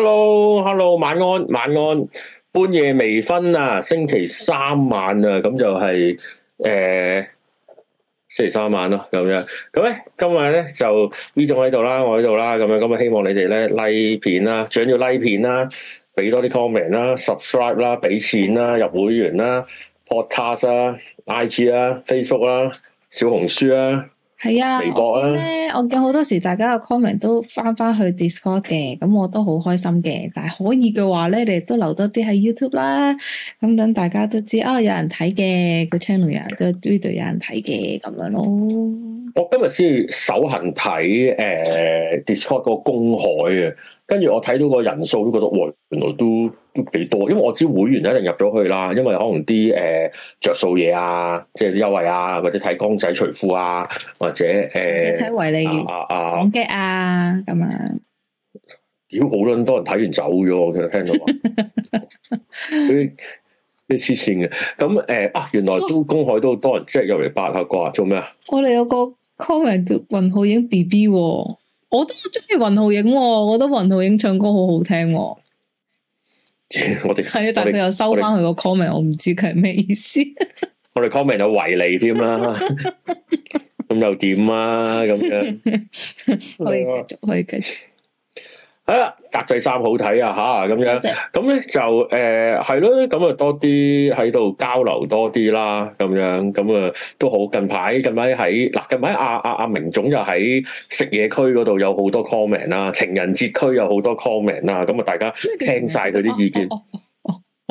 Hello，Hello，hello，晚安，晚安，半夜未瞓啊，星期三晚啊，咁就係、是、誒、欸，星期三晚咯、啊，咁樣，咁咧今日咧就 V 總喺度啦，我喺度啦，咁樣，咁啊希望你哋咧 like 片啦、啊，最緊要拉、like、片啦、啊，俾多啲 comment 啦、啊、，subscribe 啦、啊，俾錢啦、啊，入會員啦、啊、，Podcast 啊 IG 啦、啊、，Facebook 啦、啊，小紅書啊。係啊，美國啊我見咧，我見好多時大家嘅 comment 都翻翻去 Discord 嘅，咁我都好開心嘅。但係可以嘅話咧，你都留多啲喺 YouTube 啦，咁等大家都知哦，有人睇嘅，個 channel 有，都呢度有人睇嘅咁樣咯。我今日先首行睇誒、呃、Discord 個公海啊，跟住我睇到個人數都覺得，哇，原來都～都幾多？因為我知會員一定入咗去啦，因為可能啲誒着數嘢啊，即係啲優惠啊，或者睇光仔、除褲啊，或者誒睇維麗啊、港劇啊咁啊。屌，好多人多人睇完走咗，其實聽到話，啲啲黐線嘅。咁誒啊，原來都公海都好多人即係入嚟八下啩，做咩啊？我哋有個 comment 叫雲浩影 B B，我都中意雲浩影，我覺得雲浩影唱歌好好聽。我哋係 啊，但係佢又收翻佢個 comment，我唔知佢係咩意思。我哋 comment 又為你添啦，咁又點啊？咁樣可以繼續，可以繼續。啊，格仔衫好睇啊，吓、啊，咁樣，咁咧正就誒係咯，咁、呃、啊多啲喺度交流多啲啦，咁樣，咁啊都好。近排近排喺嗱近排阿阿阿明總又喺食嘢區嗰度有好多 comment 啦、啊，嗯、情人節區有好多 comment 啦、啊，咁啊大家聽晒佢啲意見。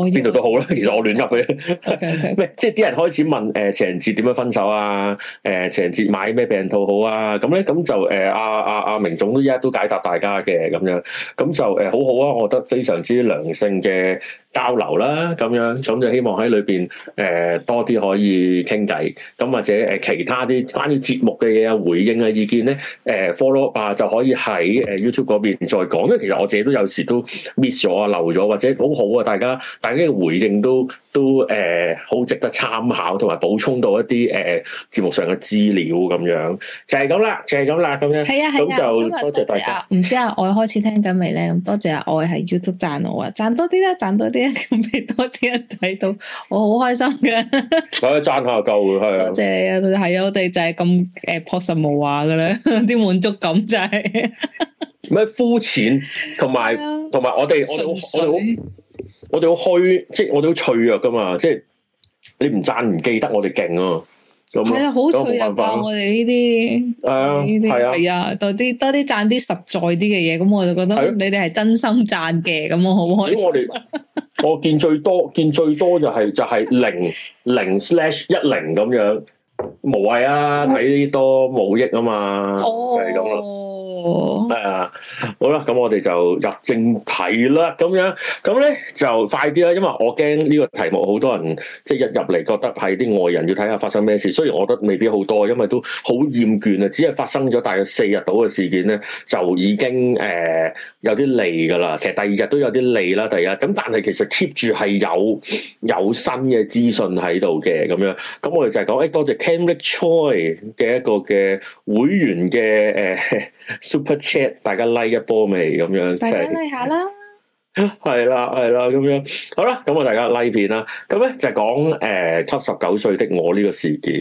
邊度都好啦，其實我亂入嘅，唔 Okay, okay. 即係啲人開始問，誒情人節點樣分手啊？誒情人節買咩病套好啊？咁咧咁就誒阿阿阿明總都一一都解答大家嘅，咁樣，咁就誒、呃、好好啊，我覺得非常之良性嘅。交流啦咁樣，咁就希望喺裏邊誒、呃、多啲可以傾偈，咁或者誒其他啲關於節目嘅嘢啊回應啊意見咧，誒、呃、follow 啊就可以喺誒 YouTube 嗰邊再講，因為其實我自己都有時都 miss 咗啊漏咗，或者好好啊大家大家嘅回應都。都誒，好、呃、值得參考，同埋補充到一啲誒節目上嘅資料咁樣，就係咁啦，就係咁啦，咁樣。係啊係啊。咁、啊、就多謝大家。唔知啊，愛開始聽緊未咧？咁多謝啊，愛係 YouTube 讚我啊，讚多啲啦，讚多啲啦，咁俾多啲啊。睇到，我好開心噶我一讚下夠嘅，係多謝啊，係啊，啊，啊，啊，啊, 啊，啊，我哋就係咁誒樸實無華噶啦，啲、啊、滿足感就係、是。咩膚淺？同埋同埋我哋、啊、我我哋好。我哋好虛，即係我哋好脆弱噶嘛，即係你唔讚唔記得我哋勁啊，咁係啊，好脆弱啊我哋呢啲，係啊，係啊，多啲多啲讚啲實在啲嘅嘢，咁我就覺得你哋係真心讚嘅，咁我好唔可以？我哋我見最多見最多就係就係零零 slash 一零咁樣。無謂啊，睇多冇益啊嘛， 就係咁咯，係啊、 嗯，好啦，咁我哋就入正題啦，咁樣，咁咧就快啲啦，因為我驚呢個題目好多人即係、就是、一入嚟覺得係啲外人要睇下發生咩事，雖然我覺得未必好多，因為都好厭倦啊，只係發生咗大約四日到嘅事件咧就已經誒、呃、有啲攰噶啦，其實第二日都有啲攰啦，第一，咁但係其實 keep 住係有有新嘅資訊喺度嘅，咁樣，咁我哋就係講，誒、欸，多謝。Timothy Choi 嘅一個嘅會員嘅誒、欸、Super Chat，大家 like 一波，未咁樣，大家 like 下啦，係啦，係啦咁樣。好啦，咁我大家 like 片啦。咁咧就講誒，給十九歲的我呢個事件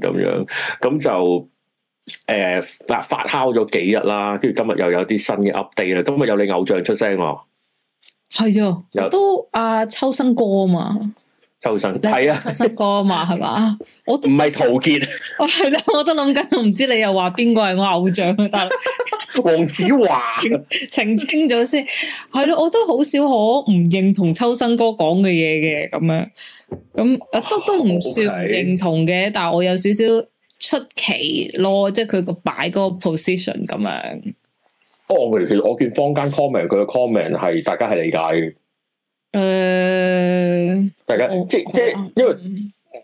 咁樣，咁就誒嗱、欸、發酵咗幾日啦，跟住今日又有啲新嘅 update 啦。今日有你偶像出聲喎，係的有啊，都阿秋生哥啊嘛。秋生係啊，秋生哥嘛，係嘛 ？我唔係陶傑，係咯、哦，我都諗緊。我唔知你又話邊個係我偶像啊？大佬，黃子華澄清咗先。係咯，我都好少可唔認同秋生哥講嘅嘢嘅咁樣。咁都都唔算唔認同嘅，吧但係我有少少出奇咯，即係佢個擺嗰個 position 咁樣。哦、我其實我見坊間 comment 佢嘅 comment 係大家係理解誒，大家、um, 即係即係，即因為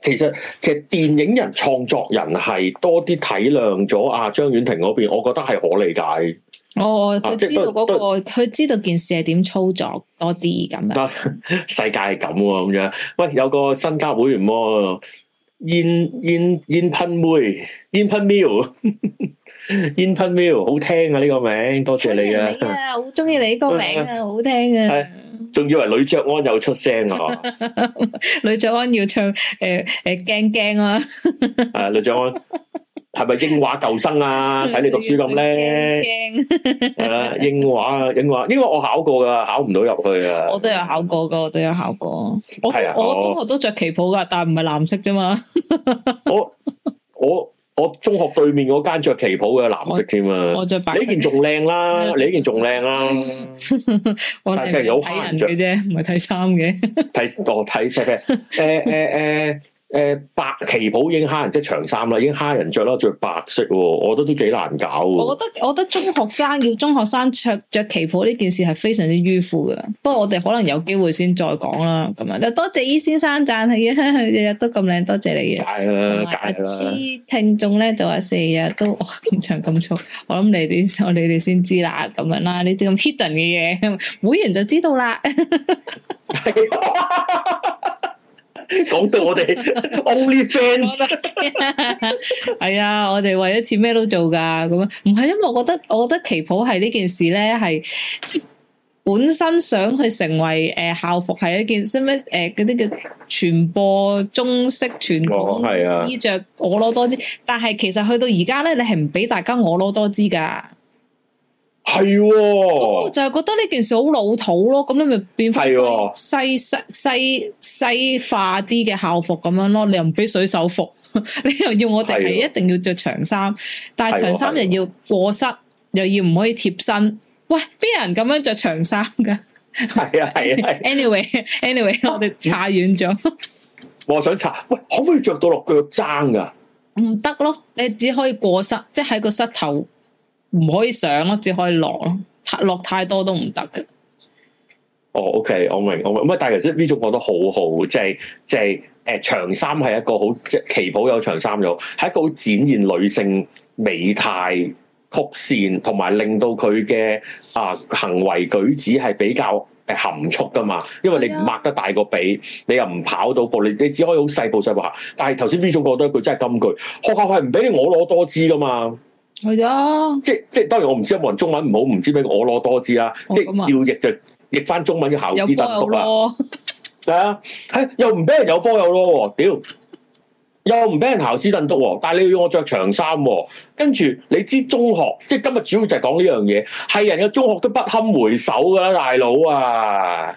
其實其實電影人、創作人係多啲體諒咗阿、啊、張婉婷嗰邊，我覺得係可理解。哦，佢知道嗰、那個，佢、啊就是、知道件事係點操作多啲咁樣。世界係咁喎，咁樣，樣。喂，有個新加會員喎，煙煙煙噴妹，煙噴 mill，煙噴 mill，好聽啊！呢個名，多謝你啊！好中意你呢個名啊，好聽啊！ 嗯 ini 仲以為呂爵安有出聲啊？呂爵 安要唱誒誒，驚驚啊！誒呂爵安係咪英華舊生啊？睇、啊、你讀書咁叻梗係啦！英華啊英華、英華我考過噶，考唔到入去啊！我都有考過噶，都有考過。我、啊、我，我，我中學都着旗袍噶，但係唔係藍色啫嘛。我 我。我我我中學對面嗰間着旗袍嘅藍色添啊！我着白色，你呢件仲靚啦， 你呢件仲靚啦。但係有黑人嘅啫，唔係睇衫嘅。睇我睇睇 e 誒誒誒。誒誒誒 誒、呃，白旗袍已經嚇人，即係長衫啦，已經嚇人着啦，着白色，我覺得都幾難搞。我覺得，我覺得中學生要中學生着着旗袍呢件事係非常之迂腐㗎。不過我哋可能有機會先再講啦，咁樣。就多謝伊先生讚喎，日日都咁靚，多謝你嘅。係啦，假啦。阿聽眾咧就話：，四日都咁長咁粗，我諗你哋時你哋先知啦，咁樣啦，你哋咁 hidden 嘅嘢，會員就知道啦。 講 到我哋 only fans，係 啊、 哎，我哋為一次咩都做噶，咁樣唔係因為我覺得，我覺得旗袍係呢件事咧，係即本身想去成為誒、呃、校服係一件，使咩？誒嗰啲叫傳播中式、傳統衣着我攞多支，但係其實去到而家咧，你係唔俾大家我攞多支噶。係， 我就係覺得呢件事好老土咯。咁你咪變翻西式西西化啲嘅校服咁樣咯。你又唔俾水手服， 你又要我哋係一定要着長衫，的但係長衫又要過膝，又要唔可以貼身。喂，邊有人咁樣着長衫噶？係啊係啊。Anyway anyway，我哋差遠咗。我想查，喂，可唔可以着到落腳踭噶？唔得咯，你只可以過膝，即係喺個膝頭。唔可以上咯，只可以落咯。落太多都唔得嘅。哦、oh，OK，我明我明。唔係，但係其實呢種講得好好，即係即係誒，長衫係一個好即係旗袍有長衫咗，係一個好展現女性美態、曲線，同埋令到佢嘅啊行為舉止係比較、呃、含蓄噶嘛。因為你唔擘得大個髀，你又唔跑到步，你你只可以好細步細步行。但係頭先呢種講得一句真係金句，學校係唔俾你我攞多支噶嘛。係啊，即係即係，當然我唔知，有冇人中文唔好，唔知俾我攞多支啦、啊，哦、即係照譯就譯翻中文嘅校詩頓讀啦，係啊，係、哎、又唔俾人有波有咯喎、啊，屌， 又唔俾人校詩頓讀，但係你要我着長衫、啊，跟住你知中學，即係今日主要就係講呢樣嘢，係人嘅中學都不堪回首噶啦、啊，大佬啊，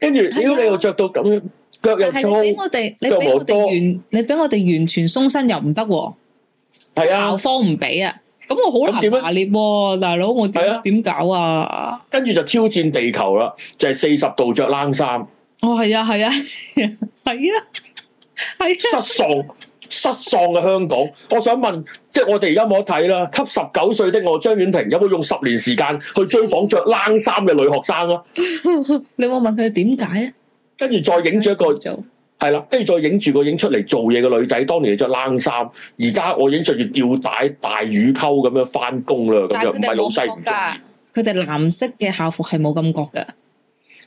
跟住屌你又着到咁，腳又粗，你俾我哋，你俾我哋完，你俾我哋完全鬆身又唔得、啊。係啊，校方唔俾啊，咁我好難拿捏、啊，啊、大佬我點點、啊、搞啊？跟住就挑戰地球啦，就係四十度着冷衫。哦，係啊，係啊，係啊，係啊！失喪，失喪嘅香港。 我想問，即係我哋而家冇得睇啦。《給十九歲的我》，張婉婷有冇用十年時間去追訪着冷衫嘅女學生啊？ 你有冇問佢點解啊？跟住再影咗一個。係啦，跟住再影住個影出嚟做嘢嘅女仔，當年係着冷衫，而家我影着住吊帶大乳溝咁樣翻工啦，咁樣唔係老細。佢哋藍色嘅校服係冇感覺噶，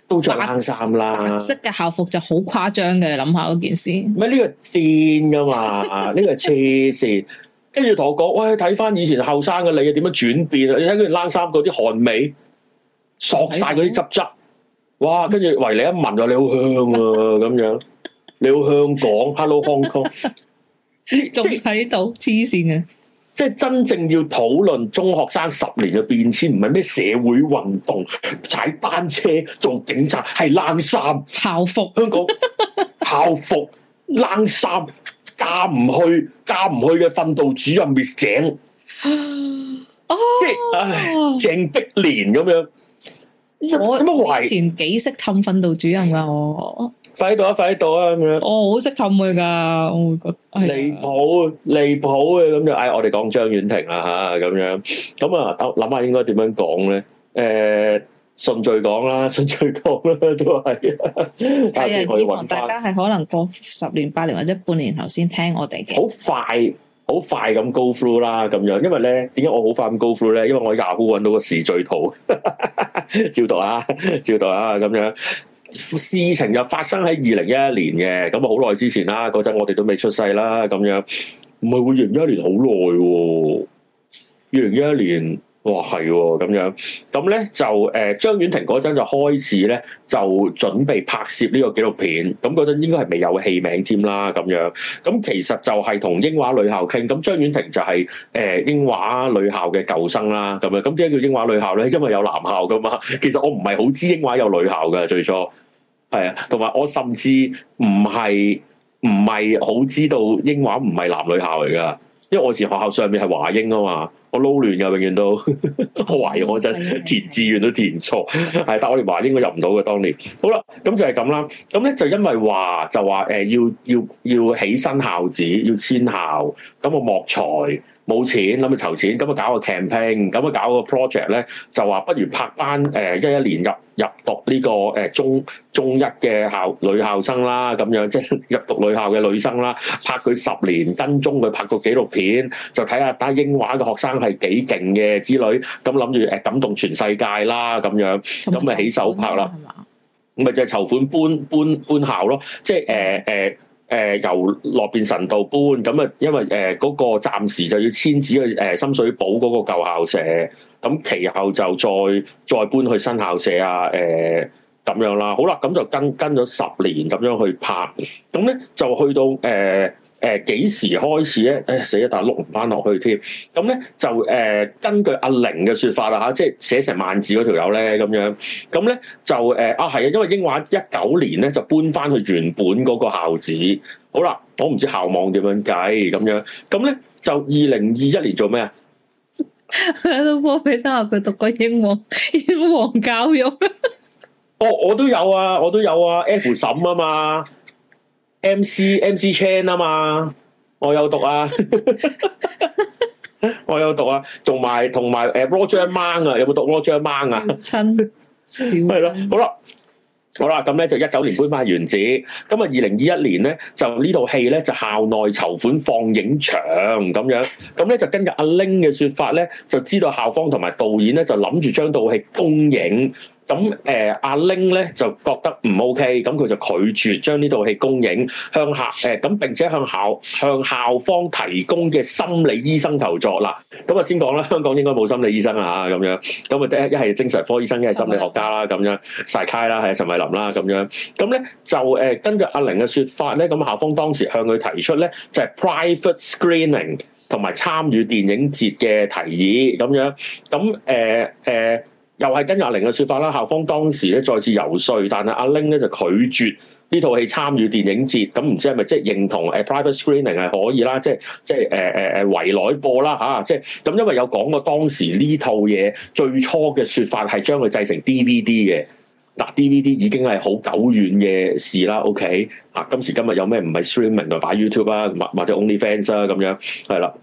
都着冷衫啦。白色嘅校服就好誇張嘅，你諗下嗰件事。唔咩呢個癲噶嘛？呢個黐線。 跟住同我講，喂，睇翻以前後生嘅你啊，點樣轉變啊？你睇佢冷衫嗰啲汗味，索晒嗰啲汁汁。哇！跟住喂，你一聞，話你好香啊，咁樣。你好，香港，Hello Hong Kong，仲喺度黐線啊！即係真正要討論中學生十年嘅變遷，唔係咩社會運動、踩單車、做警察，係冷衫校服， 香港校服冷衫，嫁唔去嫁唔去嘅訓導主任 Miss 鄭， 哦、即係唉鄭碧蓮咁樣。我以前幾識氹訓導主任噶我。快喺度啊！快喺度啊！咁樣、哦，我好識氹佢噶，我唔覺得。哎、離譜，離譜嘅咁就，哎，我哋講張婉婷啦吓，咁樣，咁啊，諗下應該點樣講咧？誒、呃，順序講啦，順序講啦，都係。但係有啲大家係可能過十年八年或者半年後先聽我哋嘅。好快，好快咁 go through 啦，咁樣，因為咧，點解我好快咁 go through 咧？因為我喺 Yahoo 揾到個時序圖 照、啊，照讀啊，照讀啊，咁樣。事情又發生喺二零一一年嘅、哦，咁啊好耐之前啦，嗰陣我哋都未出世啦，咁樣唔係會完咗一年好耐喎，二零一一年。哇，係咁、哦、樣，咁咧就誒張婉婷嗰陣就開始咧就準備拍攝呢個紀錄片，咁嗰陣應該係未有戲名添啦咁樣，咁其實就係同英華女校傾，咁張婉婷就係、是、誒、呃、英華女校嘅舊生啦咁樣，咁點解叫英華女校咧？因為有男校噶嘛，其實我唔係好知英華有女校㗎最初，係啊，同埋我甚至唔係唔係好知道英華唔係男女校嚟噶，因為我以前學校上面係華英啊嘛。我撈亂嘅，永遠都 我懷疑我真填志願都填錯，係， 但係我哋話應該入唔到嘅，當年好啦，咁就係咁啦。咁咧就因為話就話誒、呃、要要要起身校址，要遷校，咁我莫才。冇錢，諗住籌錢，咁啊搞個 campaign，咁啊搞個 project 咧，就話不如拍班誒、呃、一一年入入讀呢、這個誒、呃、中中一嘅校女校生啦，咁樣即係入讀女校嘅女生啦，拍佢十年跟蹤佢拍個紀錄片，就睇下打英華嘅學生係幾勁嘅之類，咁諗住誒感動全世界啦咁樣，咁咪、啊、起手拍啦，咁咪嗎就係籌款搬搬搬，搬校咯，即係誒誒。呃呃誒、呃、由羅便臣道搬咁啊，因為誒嗰、呃嗰個暫時就要遷址去誒深水埗嗰個舊校舍，咁其後就再再搬去新校舍啊，誒、呃、咁樣啦，好啦，咁就跟跟咗十年咁樣去拍，咁咧就去到誒。呃誒幾、呃、時開始咧？誒、哎、死一但錄唔翻落去添。咁咧就誒、呃、根據阿玲嘅說法啦嚇、啊，即係寫成萬字嗰條友咧咁樣。咁咧就誒、呃、啊係啊，因為英華一九年咧就搬翻去原本嗰個校址。好啦，我唔知校網點樣計咁樣。咁咧就二零二一年做咩啊？都波比生話佢讀過英皇英皇教育。哦，我都有啊，我都有啊，F 審啊、um、嘛。M C M C Chan 啊嘛，我有讀啊， 我有讀啊，同埋同埋誒 Roger, Mang, 有有 Roger Mang 啊，有冇讀 Roger Mang 啊？親，係咯， 好啦，好啦，咁咧就一九年搬翻原子，咁啊二零二一年咧就戲呢套戲咧就校內籌款放映場咁樣，咁咧就跟着阿 Ling 嘅說法咧，就知道校方同埋導演咧就諗住將套戲公映。咁誒、呃、阿玲咧就覺得唔 OK，咁佢就拒絕將呢套戲公映向校誒，咁、呃、並且向校向校方提供嘅心理醫生求助啦。咁啊先講啦，香港應該冇心理醫生啊嚇咁樣，咁啊一係精神科醫生，一係心理學家啦咁樣，晒太啦係陳慧琳啦咁樣，咁咧就誒、呃、根據阿玲嘅説法咧，咁校方當時向佢提出咧就係、是、private screening 同埋參與電影節嘅提議咁樣，咁誒誒。又係跟阿玲嘅説法啦，校方當時咧再次遊説，但係阿玲咧就拒絕呢套戲參與電影節。咁唔知係咪即係認同？誒、呃，private screening 係可以啦，即係即係誒誒誒圍內播啦嚇。即係咁，呃呃為啊、因為有講過當時呢套嘢最初嘅説法係將佢製成 DVD 嘅。嗱、啊，DVD 已經係好久遠嘅事啦。OK，啊，今時今日有咩唔係 streaming 定擺 YouTube 啦，或或者 OnlyFans 啦咁樣，係啦。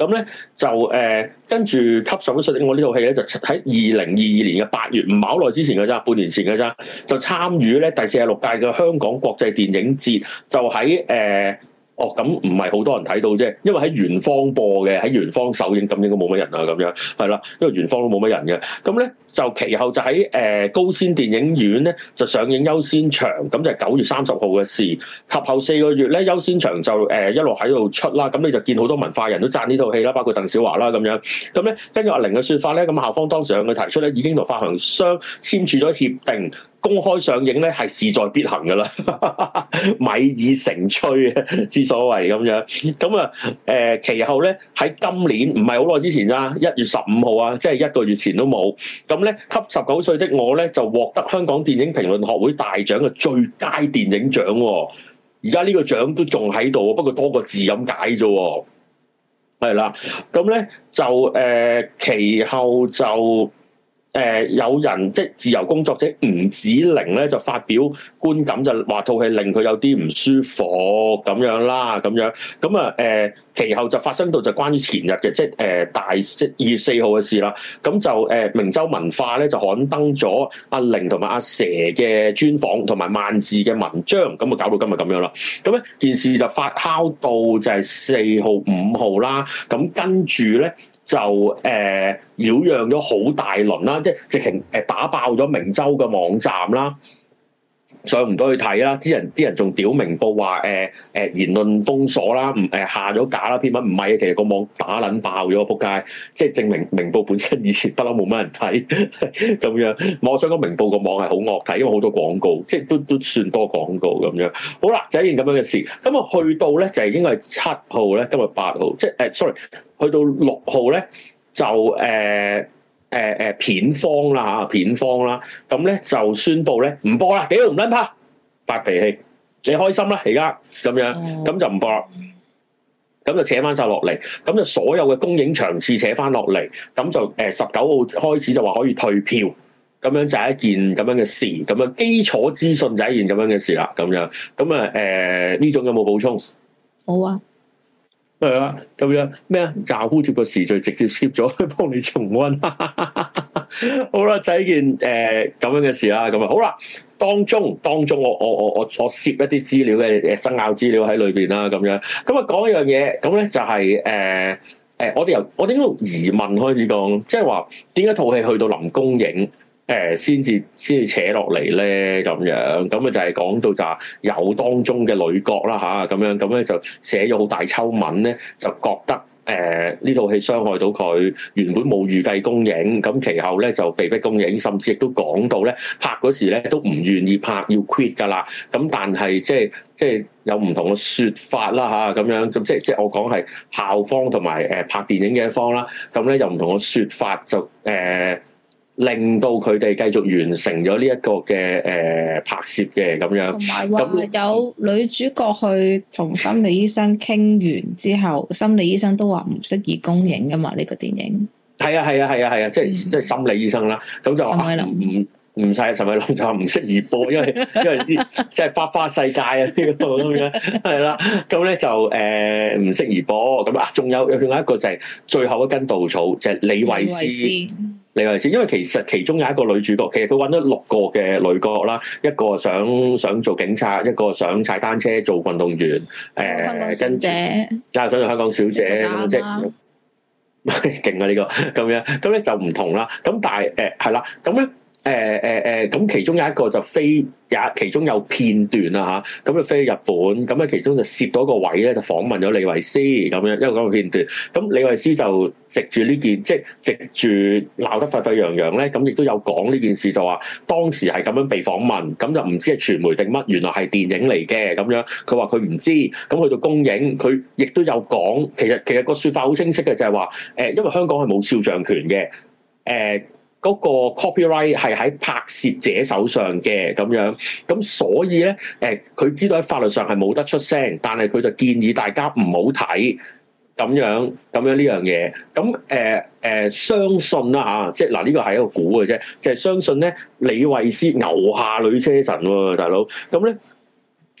咁咧就誒、呃、跟住吸收啲稅，我呢套戲咧就喺二零二二年嘅八月，唔係好耐之前嘅咋，半年前嘅咋，就參與咧第四十六屆嘅香港國際電影節，就喺誒、呃、哦咁唔係好多人睇到啫，因為喺圓方播嘅，喺圓方首映，咁應該冇乜人啊，咁樣係啦，因為圓方都冇乜人嘅，咁咧。就其後就喺誒、呃、高仙電影院咧就上映優先場，咁就係九月三十號嘅事。及後四個月咧優先場就誒、呃、一路喺度出啦，咁你就見好多文化人都贊呢套戲啦，包括鄧小華啦咁樣。咁咧跟住阿玲嘅説法咧，咁校方當時向佢提出咧已經同發行商簽署咗協定，公開上映咧係事在必行㗎喇， 米已成炊嘅之所謂咁樣。咁啊誒其後咧喺今年唔係好耐之前啊，一月十五號啊，即係一個月前都冇咁。咧，給十九歲的我咧就獲得香港電影評論學會大獎嘅最佳電影獎，哦。而家呢個獎都仲喺度，不過多個字咁解啫。係啦，咁咧就誒、呃、其後就。誒、呃，有人即係自由工作者吳子玲咧，就發表觀感，就話套戲令佢有啲唔舒服咁樣啦，咁樣咁啊，誒、呃，其後就發生到就關於前日嘅，即係誒、呃、大即係二月四號嘅事啦。咁就誒、呃、明周文化咧就刊登咗阿玲同埋阿蛇嘅專訪，同埋萬字嘅文章，咁啊搞到今日咁樣啦。咁咧件事就發酵到就係四號五號啦。咁跟住咧。就誒、呃、擾攘咗好大輪啦，即係直情誒打爆咗明州嘅網站啦。上唔到去睇啦，啲人啲人仲屌明報話誒誒言論封鎖啦，唔誒下咗架啦篇文，唔係啊，其實個網打撚爆咗，仆街，即係證明明報本身以前不嬲冇乜人睇咁 樣。我我想講明報個網係好惡睇，因為好多廣告，即係都都算多廣告咁樣。好啦，就係一件咁樣嘅事。咁啊去到咧就係應該係七號咧，今日八號，即係誒、uh，sorry，去到六號咧就誒。Uh, 誒誒，片方啦吓，片方啦，咁咧就宣布咧唔播啦，屌唔捻拍，發脾氣，你開心啦，而家咁樣，咁就唔播啦，咁就扯翻晒落嚟，咁就所有嘅公映場次扯翻落嚟，咁就誒十九號開始就話可以退票，咁樣就係一件咁樣嘅事，咁樣基礎資訊就係一件咁樣嘅事啦，咁樣，咁啊誒呢種有冇補充？冇啊。係啊，咁樣咩啊？炸烏貼個時序直接 skip 咗去幫你重溫。好啦，就呢件誒咁、呃、樣嘅事啦。咁、嗯、啊，好啦，當中當中我，我我我我我攝一啲資料嘅誒爭拗資料喺裏邊啦，咁樣。咁、嗯、啊，講、呃、一樣嘢，咁咧就係誒誒，我哋由我哋從疑問開始講，即、就、係、是、話點解套戲去到臨公映？誒先至先至扯落嚟咧咁樣，咁啊就係講到就係有當中嘅女角啦吓，咁樣咁咧就寫咗好大抽文咧，就覺得誒呢套戲傷害到佢，原本冇預計公映，咁其後咧就被逼公映，甚至亦都講到咧拍嗰時咧都唔願意拍要 quit 㗎啦。咁但係即係即係有唔同嘅説法啦吓，咁樣咁即即我講係校方同埋誒拍電影嘅一方啦，咁咧又唔同嘅説法就誒。呃令到佢哋繼續完成咗呢一個嘅誒拍攝嘅咁樣，咁有，有女主角去同心理醫生傾完之後， 心理醫生都話唔適宜公映噶嘛呢、這個電影。係啊係啊係啊係啊，即係即係心理醫生啦，咁、嗯、就陳唔唔曬，陳偉龍就話唔適宜播，因為因為即係花花世界啊呢個咁樣，係 啦，咁咧就誒唔、呃、適宜播，咁啊仲有仲有一個就係最後一根稻草就係、是、李慧詩。 你話事，因為其實其中有一個女主角，其實佢揾咗六個嘅女角啦，一個想想做警察，一個想踩單車做運動員，誒、呃，香港小姐，跟住、嗯、香港小姐咁啫，勁啊呢、這個咁樣，咁咧就唔同、欸、啦，咁但係誒係啦，咁咧。誒誒誒，咁、欸欸、其中有一個就飛，也其中有片段啦嚇，咁、啊、就、嗯、飛去日本，咁、嗯、咧其中就攝到一個位咧，就訪問咗李慧詩。咁樣，一個咁片段。咁、嗯、李慧詩就籍住呢件，即係籍住鬧得沸沸揚揚咧，咁亦都有講呢件事，就話當時係咁樣被訪問，咁就唔知係傳媒定乜，原來係電影嚟嘅咁樣。佢話佢唔知，咁、嗯、去到公映，佢亦都有講。其實其實個説法好清晰嘅，就係話誒，因為香港係冇肖像權嘅，誒、欸。欸嗰個 copyright 係喺拍攝者手上嘅咁樣，咁所以咧，誒、呃、佢知道喺法律上係冇得出聲，但係佢就建議大家唔好睇咁樣，咁樣呢樣嘢，咁誒誒相信啦吓、啊，即係嗱呢個係一個估嘅啫，即係相信咧李慧詩牛下女車神喎、啊，大佬咁咧。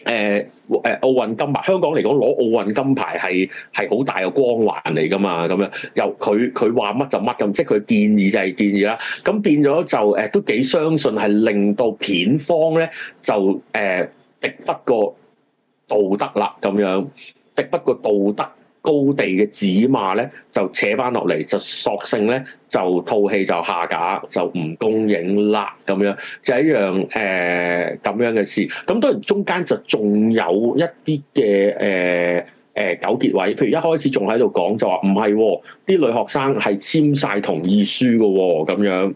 誒誒、呃呃、奧運金牌，香港嚟講攞奧運金牌係係好大個光環嚟㗎嘛？咁樣由佢佢話乜就乜咁，即係佢建議就係建議啦。咁變咗就誒、呃、都幾相信係令到片方咧就誒敵、呃、不過道德啦，咁樣敵不過道德，高地嘅指罵咧，就扯翻落嚟，就索性咧就套戲就下架，就唔公映啦咁樣，就係、一樣誒咁、呃、樣嘅事。咁當然中間就仲有一啲嘅誒誒糾結位，譬如一開始仲喺度講就話唔係，啲、哦、女學生係簽晒同意書嘅咁、哦、樣。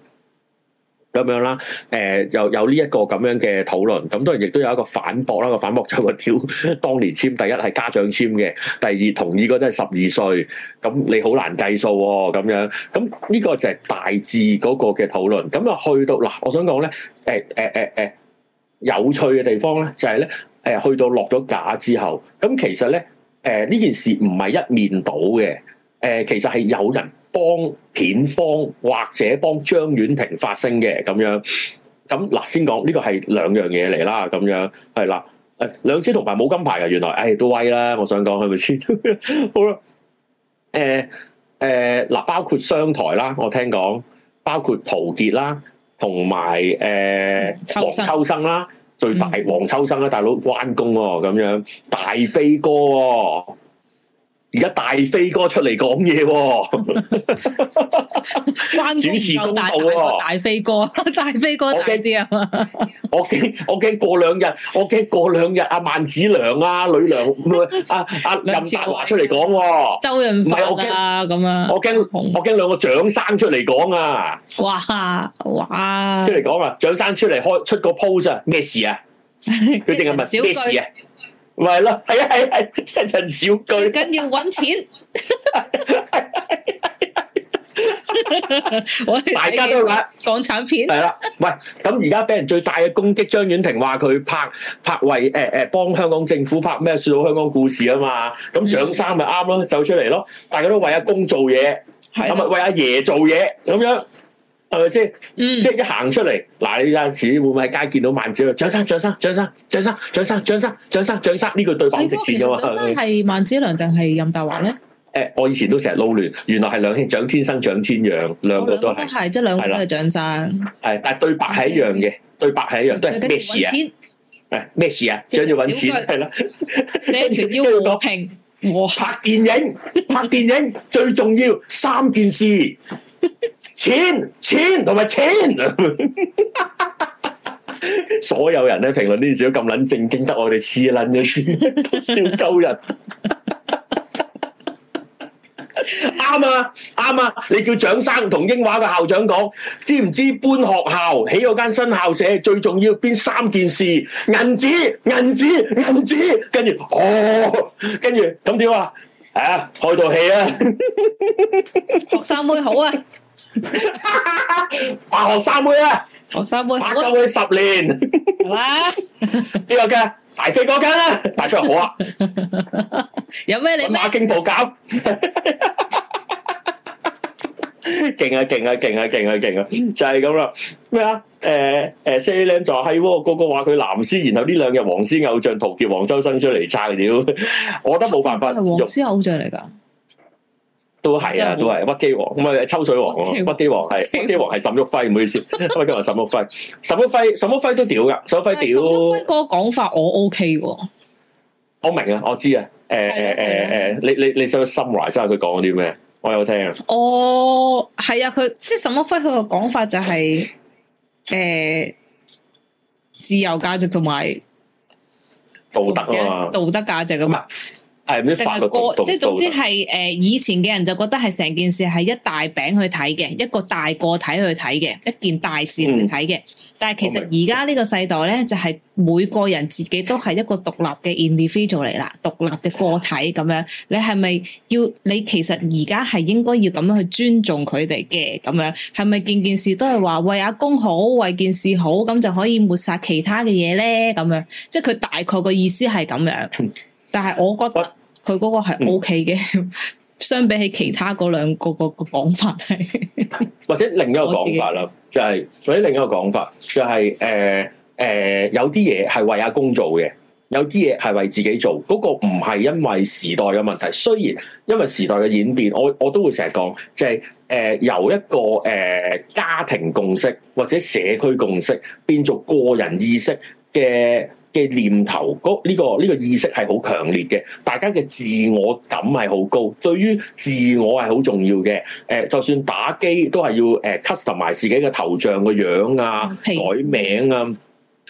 咁樣啦，誒、呃、有有呢一個咁樣嘅討論，咁當然亦都有一個反駁啦，個反駁就係個條當年簽，第一係家長簽嘅，第二同意嗰啲係十二歲，咁你好難計數喎，咁樣，咁呢個就係大致嗰個嘅討論，咁啊去到嗱，我想講咧，誒誒誒誒有趣嘅地方咧，就係、是、咧，誒、呃、去到落咗架之後，咁其實咧，誒、呃、呢件事唔係一面倒嘅，誒、呃、其實係有人。幫片方或者幫張婉婷發聲嘅咁樣，咁嗱，先講呢個係兩樣嘢嚟啦，咁樣係啦，誒，兩支銅牌冇金牌嘅，原來，誒、哎、都威啦，我想講係咪先？是是 好啦，誒、欸、誒，嗱、欸，包括商台啦，我聽講，包括陶傑啦，同埋誒黃秋生啦，最大黃秋生啦，大佬關公咁、哦、樣大飛哥、哦。而家大飛哥出嚟講嘢，主持公道喎！大飛哥，大飛哥，我驚啲啊！我驚，我驚過兩日，我驚過兩日、啊，阿萬梓良啊、呂良、啊、阿任達華出嚟講、啊，周潤發唔係咁啊！我驚，我驚兩個獎生出嚟講啊！哇哇！出嚟講啊！獎生出嚟開出個 pose，啊，咩事啊？佢淨係問 小句事啊？咪咯，係啊係啊，一陣小句，唔緊要揾錢。大家都揾港產片，係啦。喂，咁而家俾人最大嘅攻擊，張婉婷話佢拍拍為誒誒幫香港政府拍咩，說到香港故事啊嘛。咁蔣生咪啱咯，走出嚟咯。大家都為阿公做嘢，係咪為阿爺做嘢咁樣？係咪先？即係一行出嚟嗱，呢陣時會唔會喺街見到萬子良？蔣生、蔣生、蔣生、蔣生、蔣生、蔣生、蔣生、蔣生，呢句對白好直接啫嘛。蔣生係萬子良定係任達華咧？誒，我以前都成日撈亂，原來係兩兄，蔣天生、蔣天養，兩個都係。係即兩個都係蔣生。係，但係對白係一樣嘅，對白係一樣，都係咩事啊？誒，咩事啊？主要揾錢係啦，跟住我拍電影，拍電影最重要三件事。錢錢同埋錢，錢有錢 所有人咧評論呢件事都咁捻正經，得我哋黐捻都笑鳩人。啱 啊啱啊！你叫蔣生同英華嘅校長講，知唔知搬學校起嗰間新校舍最重要邊三件事？銀紙銀紙銀紙，紙，跟住哦，跟住咁點啊？係啊，開套戲啊！ 學生妹好啊！ 大學三妹啊，學三妹拍咗佢十年，呢個嘅大飛嗰間啊，大飛好啊， 有咩你咩驚暴搞，勁啊勁啊勁啊勁啊勁啊，就係咁啦。咩啊？誒誒，say 就係喎，啊呃呃 hey, 個個話佢藍絲，然後呢兩日黃絲偶像陶傑黃秋生出嚟，差料， 我覺得冇辦法係。黃絲偶像嚟噶。都係啊，都係，乜基王唔係抽水王咯。乜基王係乜基王係沈旭暉，唔好意思，乜基王沈旭暉，沈旭暉沈旭暉都屌噶，沈旭暉屌。輝哥講法我 OK 喎，我明啊，我知啊，誒誒誒，你你你想 summary 一下佢講啲咩？我有聽啊。哦係啊，佢即係沈旭暉佢個講法就係誒自由價值同埋道德啊嘛，道德價值噶嘛。誒，但係個即係總之係誒、呃，以前嘅人就覺得係成件事係一大餅去睇嘅，一個大個體去睇嘅，一件大事去睇嘅。嗯、但係其實而家呢個世代咧，就係、是、每個人自己都係一個獨立嘅 individual 嚟啦，獨立嘅個體咁樣。你係咪要？你其實而家係應該要咁樣去尊重佢哋嘅咁樣？係咪件件事都係話為阿公好，為件事好，咁就可以抹殺其他嘅嘢咧？咁樣，即係佢大概個意思係咁樣。 但係我覺得佢嗰個係 OK 嘅，嗯、相比起其他嗰兩個個講法係，或者另一個講法啦，就係或者另一個講法就係誒誒有啲嘢係為阿公做嘅，有啲嘢係為自己做，嗰、那個唔係因為時代嘅問題，雖然因為時代嘅演變，我我都會成日講就係、是、誒、呃、由一個誒、呃、家庭共識或者社區共識變做個人意識。嘅嘅念頭，呢、這個呢、這個意識係好強烈嘅，大家嘅自我感係好高，對於自我係好重要嘅。誒、呃，就算打機都係要誒、呃、custom 埋自己嘅頭像個樣啊，Okay. 改名啊。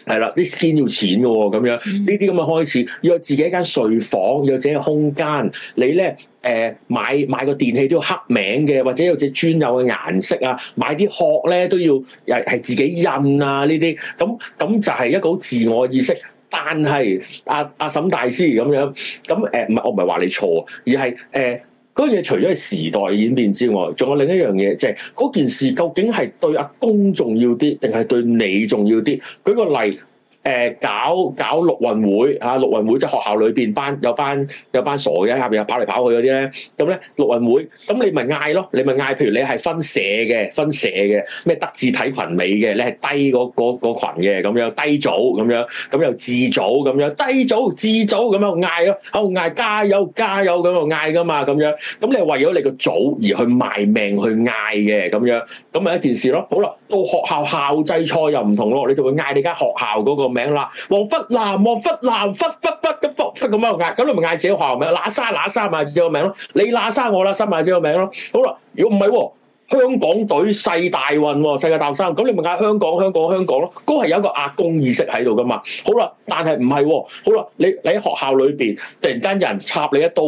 係啦，啲 Skin 要錢嘅喎，咁樣呢啲咁嘅開始，要有自己一間睡房，要有自己空間。你咧，誒、呃、買買個電器都要刻名嘅，或者有隻專有嘅顏色啊。買啲殼咧都要，又、啊、係自己印啊呢啲。咁咁就係一個好自我意識。但係阿阿沈大師咁樣，樣，咁誒唔係我唔係話你錯，而係誒。呃嗰樣嘢除咗係時代演變之外，仲有另一樣嘢，就係嗰件事究竟係對阿公重要啲，定係對你重要啲？舉個例。誒搞搞陸運會嚇，啊，陸運會即係學校裏邊班有班有班傻嘅喺下邊又跑嚟跑去嗰啲咧，咁咧陸運會，咁你咪嗌咯，你咪嗌，譬如你係分社嘅，分社嘅咩德智體群美嘅，你係低嗰嗰嗰群嘅咁樣低組咁樣，咁又智組咁樣低組智組咁樣嗌咯，喺度嗌加油加油咁喺度嗌噶嘛，咁樣，咁你係為咗你個組而去賣命去嗌嘅咁樣，咁咪一件事咯。好啦，到學校校際賽又唔同咯，你就會嗌你間學校嗰個。名啦，黃忽南，黃忽南，忽忽忽咁忽忽咁喺度嗌，咁你咪嗌自己學校名，喇沙喇沙埋自己個名咯，你喇沙我喇沙埋自己個名咯，好啦，如果唔係，香港隊世大運，世界大學生，咁你咪嗌香港，香港，香港咯，嗰係有一個壓公意識喺度噶嘛，好啦，但係唔係，好啦，你你喺學校裏邊，突然間有人插你一刀。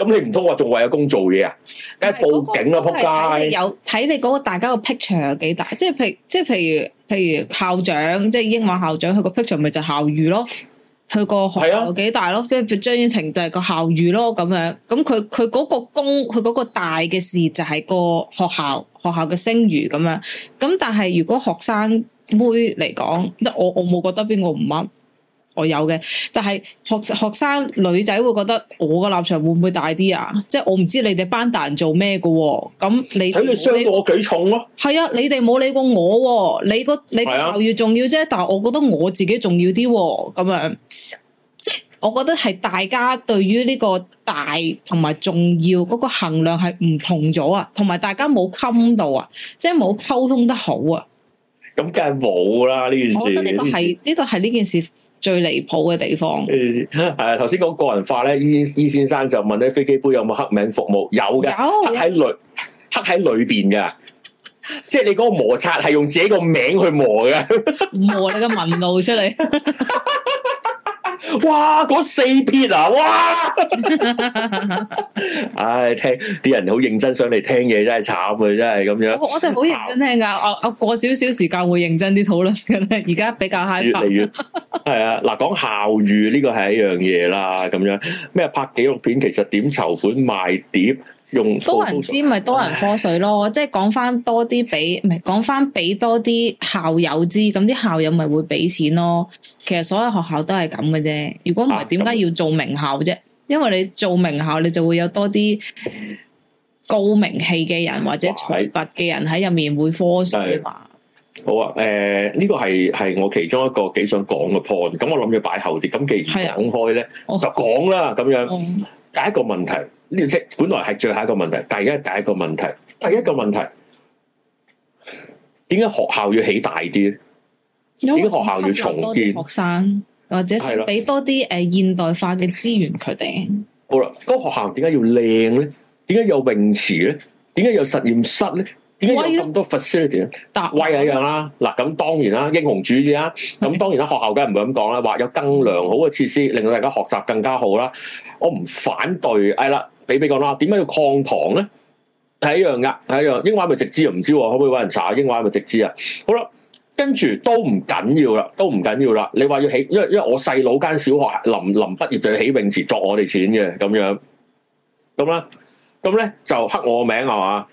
咁你唔通話仲為個工做嘢是啊？梗係報警啦！仆街有睇你嗰個大家個 picture 有幾大，嗯、即係譬即係譬如譬如校長，即係英文校長，佢個 picture 咪就校譽咯。佢，啊、個，個，個學校有幾大咯？即張婉婷就係個校譽咯咁樣。咁佢佢嗰個工，佢嗰個大嘅事就係個學校學校嘅聲譽咁樣。咁但係如果學生妹嚟講，即我我冇覺得邊個唔啱。我有嘅，但係學學生女仔會覺得我個立場會唔會大啲啊？即係我唔知你哋班大人做咩嘅、哦，咁你理你傷過我幾重咯、啊？係啊，你哋冇理過我、哦，你個你教育重要啫，啊、但係我覺得我自己重要啲、哦，咁樣即係我覺得係大家對於呢個大同埋重要嗰個衡量係唔同咗啊，同埋大家冇冚到啊，即係冇溝通得好啊，咁梗係冇啦呢件事。我覺得呢個係呢、呢個係呢件事。最離譜嘅地方、嗯，係頭先講個人化咧，依依先生就問咧飛機杯有冇刻名服務？有嘅，刻喺裡，刻喺裏邊嘅， 即係你嗰個摩擦係用自己個名去磨嘅 ，磨你個紋路出嚟。 哇！嗰四撇啊！哇！唉、 哎，聽啲人好認真上嚟聽嘢，真係慘啊！真係咁樣，我哋好認真聽噶行。我我過少少時間會認真啲討論嘅咧。而家比較係越嚟越係 啊！嗱，講教育呢個係一樣嘢啦。咁樣咩拍紀錄片，其實點籌款賣碟？用多人知咪多人科水咯， 即係講翻多啲俾，唔係講翻俾多啲校友知，咁啲校友咪會俾錢咯。其實所有學校都係咁嘅啫，如果唔係，點解要做名校啫？啊、因為你做名校，你就會有多啲高名氣嘅人或者財閥嘅人喺入面會科水嘛。好啊，誒、呃，呢、這個係係我其中一個幾想講嘅 point。咁我諗要擺後啲，咁既然講開咧，啊哦、就講啦，咁樣、嗯、第一個問題。呢個即係本來係最後一個問題，但係而家第一個問題，第一個問題點解學校要起大啲咧？點解學校要重建？學生或者係啦，俾多啲誒現代化嘅資源佢哋。好啦，嗰個學校點解要靚咧？點解有泳池咧？點解有實驗室咧？點解有咁多 facility 咧？但係一樣啦。嗱了，咁了當然啦，英雄主義啦。咁的當然啦，學校梗係唔會咁講啦。話有更良好嘅設施，令到大家學習更加好啦。我唔反對，係啦。你俾個啦？點解要抗糖咧？係一樣噶，係一樣。英華咪直資啊？唔知可唔可以搵人查？英華咪直資啊？好啦，跟住都唔緊要啦，都唔緊要啦。你話要起，因為因為我細佬間小學臨臨畢業就要起泳池，作我哋錢嘅咁樣。咁啦，咁咧就黑我名啊嘛？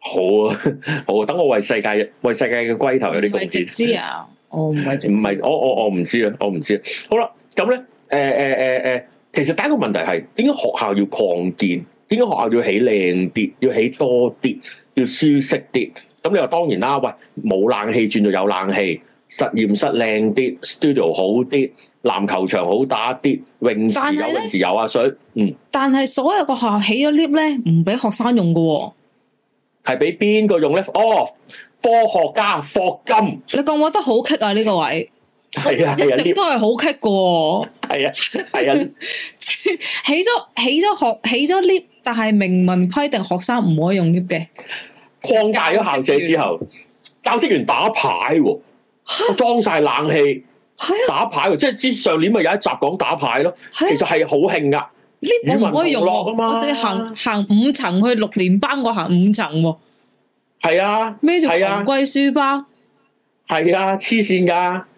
好啊，好啊，等我為世界為世界嘅龜頭有啲貢獻。直資啊？我唔係唔係我我我唔知啊，我唔知，我唔知。好啦，咁咧，誒誒誒誒。誒誒誒誒誒其實第一個問題係，點解學校要擴建？點解學校要起靚啲？要起多啲？要舒適啲？咁你話當然啦，喂，冇冷氣轉到有冷氣，實驗室靚啲，studio 好啲，籃球場好打啲，泳池有泳池有啊水，嗯。但係所有個學校起咗 lift 咧，唔俾學生用噶，係俾邊個用咧？哦，科學家霍金。你覺唔覺得好棘啊呢個位？係啊，一直都係好 cut 嘅。係啊，係啊，起咗起咗學起咗 lift，但係明文規定學生唔可以用 lift 嘅。擴大咗校舍之後，教職員，員打牌、哦，裝晒、啊、冷氣，啊、打牌，即係之上年咪有一集講打牌咯。啊、其實係好興噶 lift 唔可以用學、哦，嘛我淨係行行五層去六年班，我行五層、哦。係啊，孭住昂貴書包，係啊，黐線噶。啊啊啊啊啊啊啊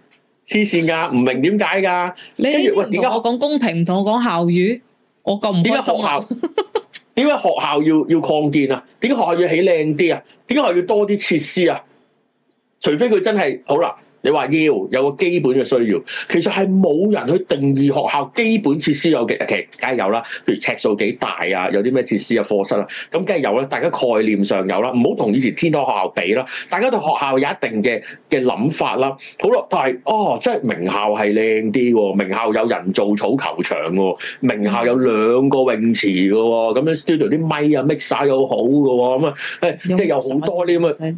黐線噶，唔明點解噶，你唔同我講公平，唔同我講校譽，我咁唔開心啊。點解學，學校要要擴建啊？點解學校要起靚啲啊？點解學校要多啲設施啊？除非佢真係好啦。你話要有個基本嘅需要，其實係冇人去定義學校基本設施有幾大，其實梗係有啦。譬如尺數幾大啊，有啲咩設施啊，課室啊，咁梗係有啦。大家概念上有啦，唔好同以前天堂學校比啦。大家對學校有一定嘅嘅諗法啦。好啦，但係哦，即係名校係靚啲喎，名校有人造草球場喎，名校有兩個泳池嘅喎，咁樣 studio 啲咪啊，mix 晒又好嘅喎，咁啊，哎，即係有好多啲咁嘅。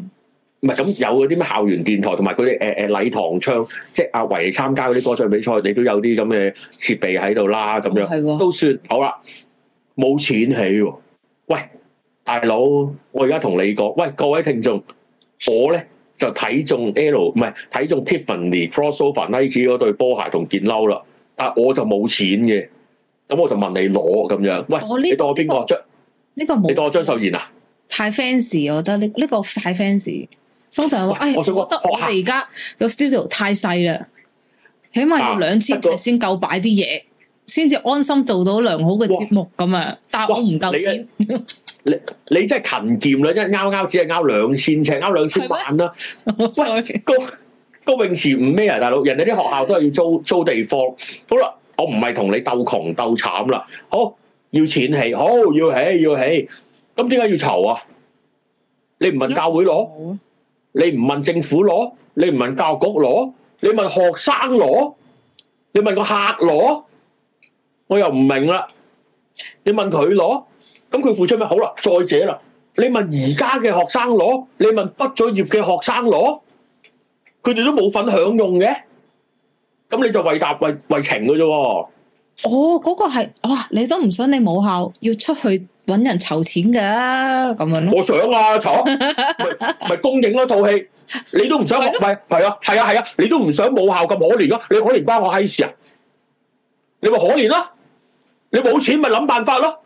唔係咁有嗰啲咩校園電台同埋佢哋誒誒禮堂唱，即係阿維參加嗰啲歌唱比賽，你都有啲咁嘅設備喺度啦，咁樣、哦啊、都算好啦。冇錢起喎、哦，喂，大佬，我而家同你講，喂各位聽眾，我咧就睇中 L 唔係睇中 Tiffany Crossover Nike 嗰對波鞋同件褸啦，但我就冇錢嘅，咁我就問你攞咁樣，喂，哦呢個、你當我邊、呢個張？呢、呢個冇。你當我張秀賢啊？太 fancy，我覺得呢呢、呢個太 fancy。通常話，哎，我覺得我哋而家個 studio 太細啦，起碼要兩千尺先夠擺啲嘢，先至安心做到良好嘅節目咁啊！但係我唔夠錢。你你真係勤儉啦，一拗拗只係拗兩千尺，拗兩千萬啦。喂，高高泳池唔咩啊，大佬？人哋啲學校都係要租租地方。好啦，我唔係同你鬥窮鬥慘啦。好要錢起，好要起要起，咁點解要籌啊？你唔問教會攞？你唔問政府攞，你唔問教育局攞，你問學生攞，你問個客攞，我又唔明啦。你問佢攞，咁佢付出咩？好啦，再者啦，你問而家嘅學生攞，你問畢咗業嘅學生攞，佢哋都冇份享用嘅，咁你就為答為為情嘅啫。哦，嗰個係，哇！你都唔想你母校要出去。搵人籌錢噶咁、啊、樣咯，我想啊，籌咪咪公映嗰套戲，你都唔想學，咪係 啊係啊係啊,啊,啊,啊，你都唔想母校咁可憐咯，你可憐關我閪事啊？你咪可憐咯，你冇錢咪諗辦法咯，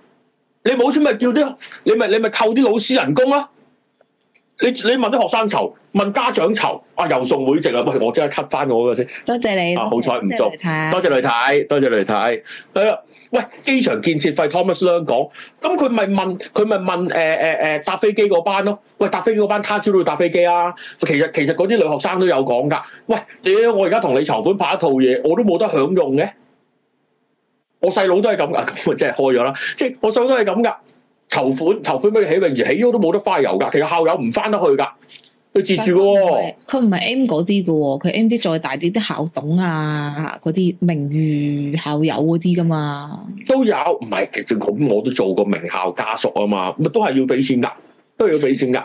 你冇錢咪叫啲，你咪你咪扣啲老師人工啊！你啊你,你,你,啊你,你問啲學生籌，問家長籌啊，又送會籍謝謝啊！我即刻 cut 翻我嘅先，多謝你好彩唔足，多謝你睇！多謝你睇！哎呀。喂，機場建設費，Thomas 咧講，咁佢咪問佢咪問誒誒誒搭飛機嗰班咯？喂，搭飛機嗰班他朝都要搭飛機啊！其實其實嗰啲女學生都有講噶。喂，屌、欸、我而家同你籌款拍一套嘢，我都冇得享用嘅。我細佬都係咁噶，咁 咪即係開咗啦。即係我細佬都係咁噶，籌款籌款俾起泳池，起，起都冇得翻游噶。其實校友唔翻得去噶。佢截住喎，佢唔係 M 嗰啲噶喎，佢 M 啲再大啲，啲校董啊，嗰啲名譽校友嗰啲噶嘛，都有，唔係，其正，咁我都做過名校家屬啊嘛，咁都係要俾錢噶，都要俾錢噶，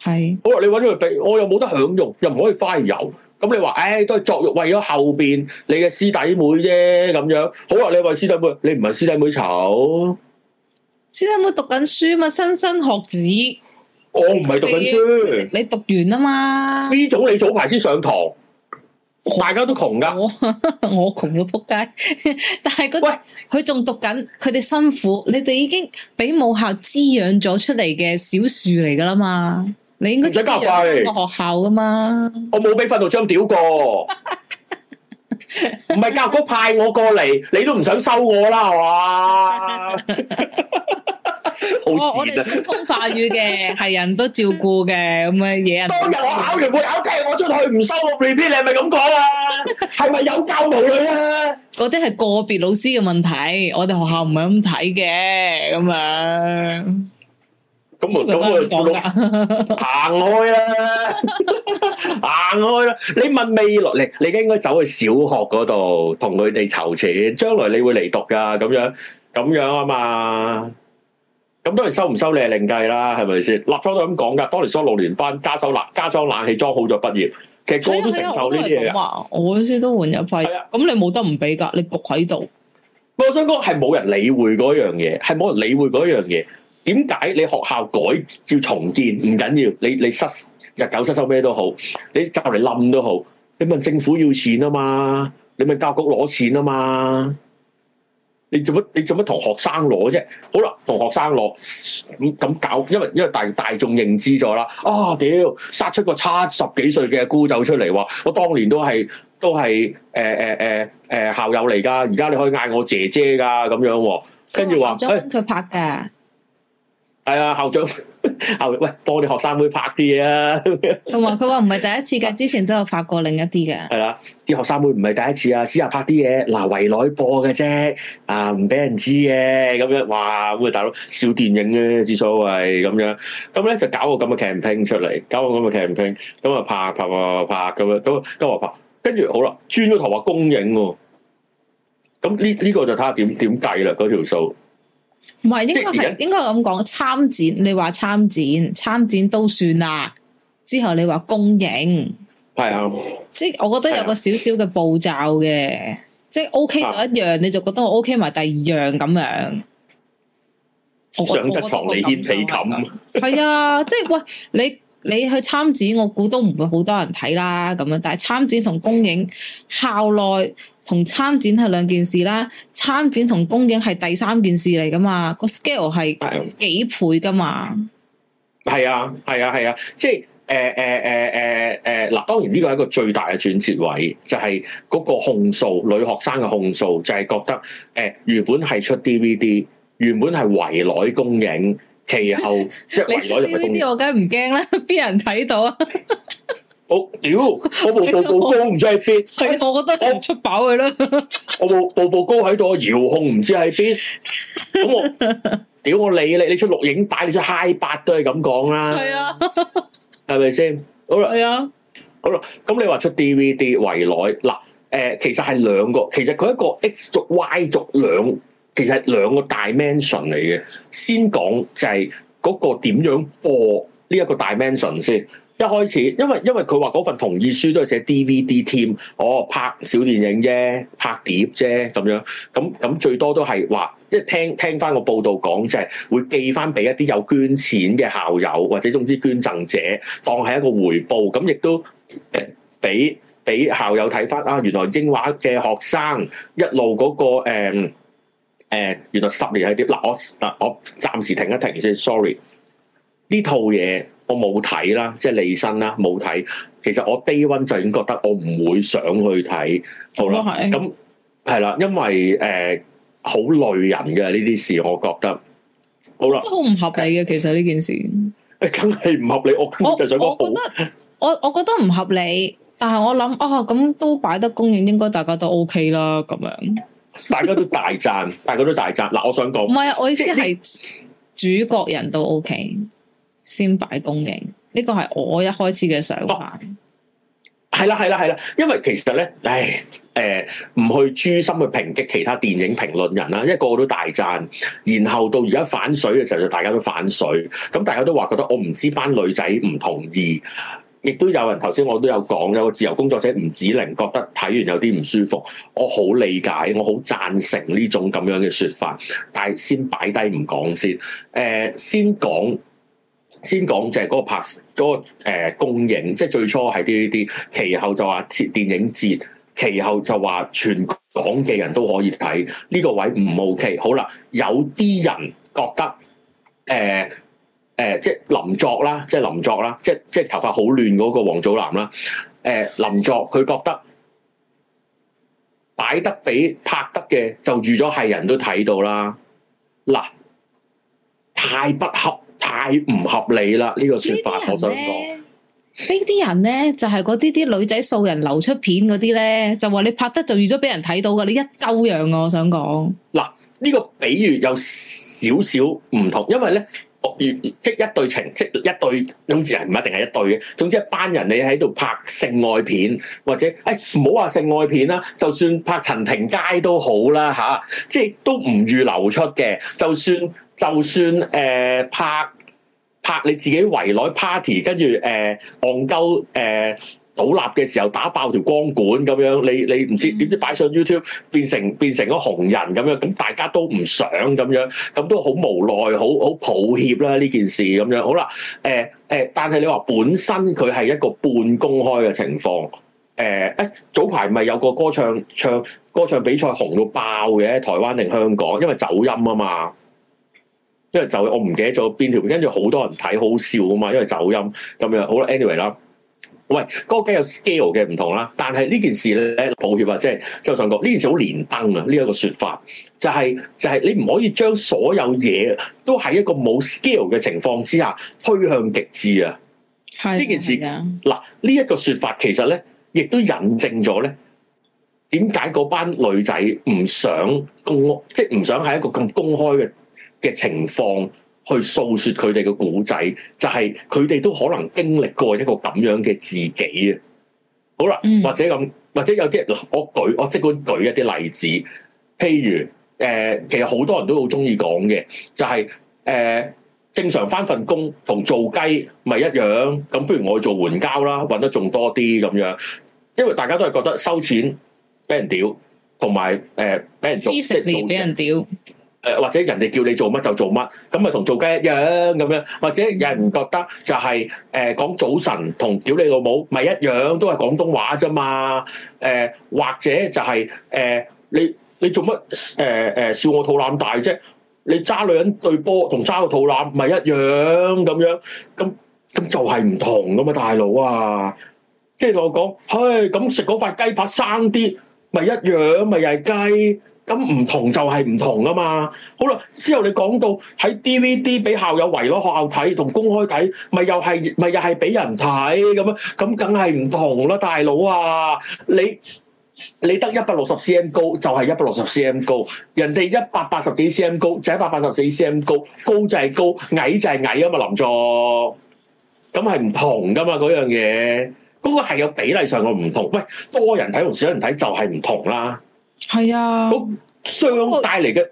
係是。好啦，你揾咗佢俾，我又冇得享用，又唔可以翻油。咁、嗯嗯嗯、你話，唉、哎，都係作育為咗後邊你嘅師弟妹啫，咁樣。好啦、啊，你話師弟妹，你唔係師弟妹醜，師弟妹讀緊書嘛，莘莘學子。我唔係讀緊書，你讀完啦嘛？呢種你早排先上堂，我大家都窮噶， 我窮到撲街。 但係嗰、那個，佢仲喂讀緊，佢哋辛苦，你哋已經俾母校滋養咗出嚟嘅小樹嚟噶啦嘛？你應該唔使交費，學校噶嘛？我冇俾訓導張屌過，唔係教局派我過嚟，你都唔想收我啦，係嘛？ 我哋春風化雨嘅，係人都照顧嘅咁嘅嘢人。當日我考完會考，帶我出去唔收我 repeat，你係咪咁講啊？係咪有教無類啊？嗰啲係個別老師嘅問題，我哋學校唔係咁睇嘅咁樣。咁唔咁我做老行開啦，行開啦！你問未來，你你應該走去小學嗰度同佢哋籌錢，將來你會嚟讀噶咁樣咁樣啊嘛。咁、嗯、當然收唔收你係另計啦，係咪先？立裝都係咁講噶。當年收六年班加收立加裝冷氣裝好咗畢業，其實個個都承受呢啲嘅。我先都換入費，係咁、哎、呀你冇得唔俾噶？你焗喺度、嗯。我想講係冇人理會嗰樣嘢，係冇人理會嗰樣嘢。點解你學校改要重建唔緊要？你你失日久失修咩都好，你就嚟冧都好。你問政府要錢啊嘛？你問教育局攞錢啊嘛？嗯你做乜？你做乜同學生攞啫？好啦，同學生攞咁咁搞，因為因為大大眾認知咗啦。啊屌！殺出個差十幾歲嘅姑走出嚟話，我當年都係都係誒誒誒誒校友嚟噶，而家你可以嗌我姐姐噶咁樣、啊。跟住話，佢拍嘅。係啊、哎，校長，校長喂，幫啲學生妹拍啲嘢啊！同埋佢話唔係第一次嘅， 之前都有拍過另一啲嘅。係啦、啊，啲學生妹唔係第一次啊，私下拍啲嘢，嗱，圍內播嘅啫，啊，唔俾、啊、人知嘅，咁樣，哇，喂，大佬，小電影啊，至所謂咁樣，咁咧就搞個咁嘅 campaign 出嚟，搞個咁嘅 campaign 咁啊拍，拍，拍，拍，就拍，咁、啊這個、樣，咁，咁話拍，跟住好啦，轉咗頭話公映，咁呢呢個就睇下點點計啦，嗰條數。唔係，應該係在應該係咁講，參展你話參展，參展都算啦。之後你話公映，係啊，即係我覺得有個少少嘅步驟嘅，啊、即係 O K 就一樣，啊、你就覺得我 O K 埋第二樣咁樣。啊、我得上堂死我得堂你掀被咁，係啊， 啊，即係喂你你去參展，我估都唔會好多人睇啦咁樣。但係參展同公映校內。同參展係兩件事啦，參展同公映係第三件事嚟噶、那個、嘛？個 scale 係幾倍噶嘛？係啊，係啊，係啊，即係誒誒誒誒誒，嗱、欸欸欸欸，當然呢個係一個最大嘅轉折位，就係、是、嗰個控訴女學生嘅控訴，就係覺得誒、欸、原本係出 DVD，原本係圍內公映，其後即係圍內入啲， 你出 DVD 我梗係唔驚啦，邊人睇到。我屌、哦，我部步步高唔知喺邊，所 我覺的得 我唔出飽佢啦。我部步步高喺度，我遙控唔知喺邊。咁 我屌我，我理你，你出錄影帶，你出嗨八都係咁講啦。係啊，係咪先？好啦，係啊，好啦。咁你話出 DVD 圍內嗱，誒，其實係兩個，其實佢一個 X 軸 Y 軸兩，其實係兩個大 dimension 嚟嘅。先講就係嗰個點樣播呢一個大 dimension 先。一開始，因為因為佢話嗰份同意書都係寫 DVD 添，我拍小電影啫，拍碟啫咁樣，咁咁最多都係話，即係聽聽翻個報道講，即係會寄翻俾一啲有捐錢嘅校友或者總之捐贈者，當係一個回報，咁亦都俾俾校友睇翻啊，原來英華嘅學生一路嗰個誒誒，原來十年係點嗱，我嗱我暫時停一停先，sorry 呢套嘢。我冇睇啦，即係利身啦，冇睇。其實我低 a 就已經覺得我唔會想去睇，好啦。咁係啦，因為誒好、呃、累人嘅呢啲事，我覺得好啦，好唔合理嘅。其實呢件事，梗係唔合理。我我就想講，我覺得我我覺得唔合理。但係我諗哦，咁都擺得公映，應該大家都 O、OK、K 啦。咁樣，大家都大讚，大家都大讚。嗱，我想講，唔係啊，我意思係 主角人都 O、OK、K。先擺公映，呢、這個係我一開始嘅想法。係啦、oh，係啦，係啦，因為其實咧，唉，誒、呃，唔去誅心去抨擊其他電影評論人啦，因為個個都大讚，然後到而家反水嘅時候，就大家都反水。咁、嗯、大家都話覺得我唔知班女仔唔同意，亦都有人頭先我都有講，有個自由工作者吳子玲覺得睇完有啲唔舒服，我好理解，我好贊成呢種咁樣嘅説法，但係先擺低唔講先，誒、呃，先講。先講就係嗰個拍嗰、那個、呃、公映即係最初係呢啲，其後就話設電影節，其後就話全港嘅人都可以睇呢、這個位唔 OK。好啦，有啲人覺得誒誒、呃呃，即係林作啦，即係林作啦，即係即係頭髮好亂嗰個王祖藍啦，誒、呃、林作佢覺得擺得俾拍得嘅就預咗係人都睇到啦，嗱太不合。太唔合理啦！呢、這個說法，我想講呢啲人咧，呢就係嗰啲啲女仔素人流出片嗰啲咧，就話你拍得就預咗俾人睇到㗎，你一鳩樣啊！我想講嗱，呢、這個比喻有少少唔同，因為咧，我即一對情，即一對咁之係唔一定係一對嘅，總之一班人你喺度拍性愛片或者誒，唔好話性愛片啦，就算拍陳廷佳都好啦吓、啊，即係都唔預流出嘅，就算。就算誒、呃、拍拍你自己圍內 party，跟住誒憨鳩誒倒立嘅時候打爆條光管咁樣，你你唔知點知擺上 YouTube 變成變成咗紅人咁樣，咁大家都唔想咁樣，咁都好無奈，好好抱歉啦呢件事咁樣。好啦，誒、呃、誒、呃，但係你話本身佢係一個半公開嘅情況，誒、呃、誒，早排咪有個歌唱唱歌唱比賽紅到爆嘅，台灣定香港？因為走音啊嘛。因為就我唔記得咗邊條，跟住好多人睇好笑噶嘛，因為走音咁樣，好啦，anyway 啦，喂，嗰個 gag 有 scale 嘅唔同啦，但係呢件事咧，抱歉啊，即係周上國呢件事好連登啊，呢一個說法就係就係你唔可以將所有嘢都喺一個冇 scale 嘅情況之下推向極致啊！呢件事嗱，呢一個說法其實咧，亦都引證咗咧，點解嗰班女仔唔想公，即係唔想喺一個咁公開嘅？嘅情況去訴說佢哋嘅古仔，就係佢哋都可能經歷過一個咁樣嘅自己啊！好啦，嗯、或者咁，或者有啲人嗱，我舉我即管舉一啲例子，譬如誒、呃，其實好多人都好中意講嘅，就係、是、誒、呃、正常返份工同做雞咪一樣，咁不如我去做援交啦，揾得仲多啲咁樣，因為大家都係覺得收錢俾人屌，同埋誒俾人做，即係俾人屌。誒，或者人哋叫你做乜就做乜，咁咪同做雞一樣咁樣。或者有人覺得就係誒講早晨同屌你老母咪一樣，都係廣東話咋嘛？誒、呃，或者就係、是、誒、呃、你你做乜誒誒笑我肚腩大啫？你揸女人對波同揸個肚腩咪一樣咁樣？咁咁就係唔同噶嘛，大佬啊！即、就、係、是、我講，嘿咁食嗰塊雞扒生啲，咪一樣，咪又係雞。咁唔同就係唔同噶嘛，好啦，之後你講到喺 DVD 俾校友圍咗學校睇同公開睇，咪又係咪又係俾人睇咁啊？咁梗係唔同啦，大佬啊，你你得一百六十 cm 高就係一百六十 cm 高，人哋一百八十幾 cm 高就一百八十幾 cm 高，高就係高，矮就係矮啊嘛，林作，咁係唔同噶嘛，嗰樣嘢，嗰、嗰個係有比例上嘅唔同，喂，多人睇同少人睇就係唔同啦。係啊，那個傷帶嚟嘅，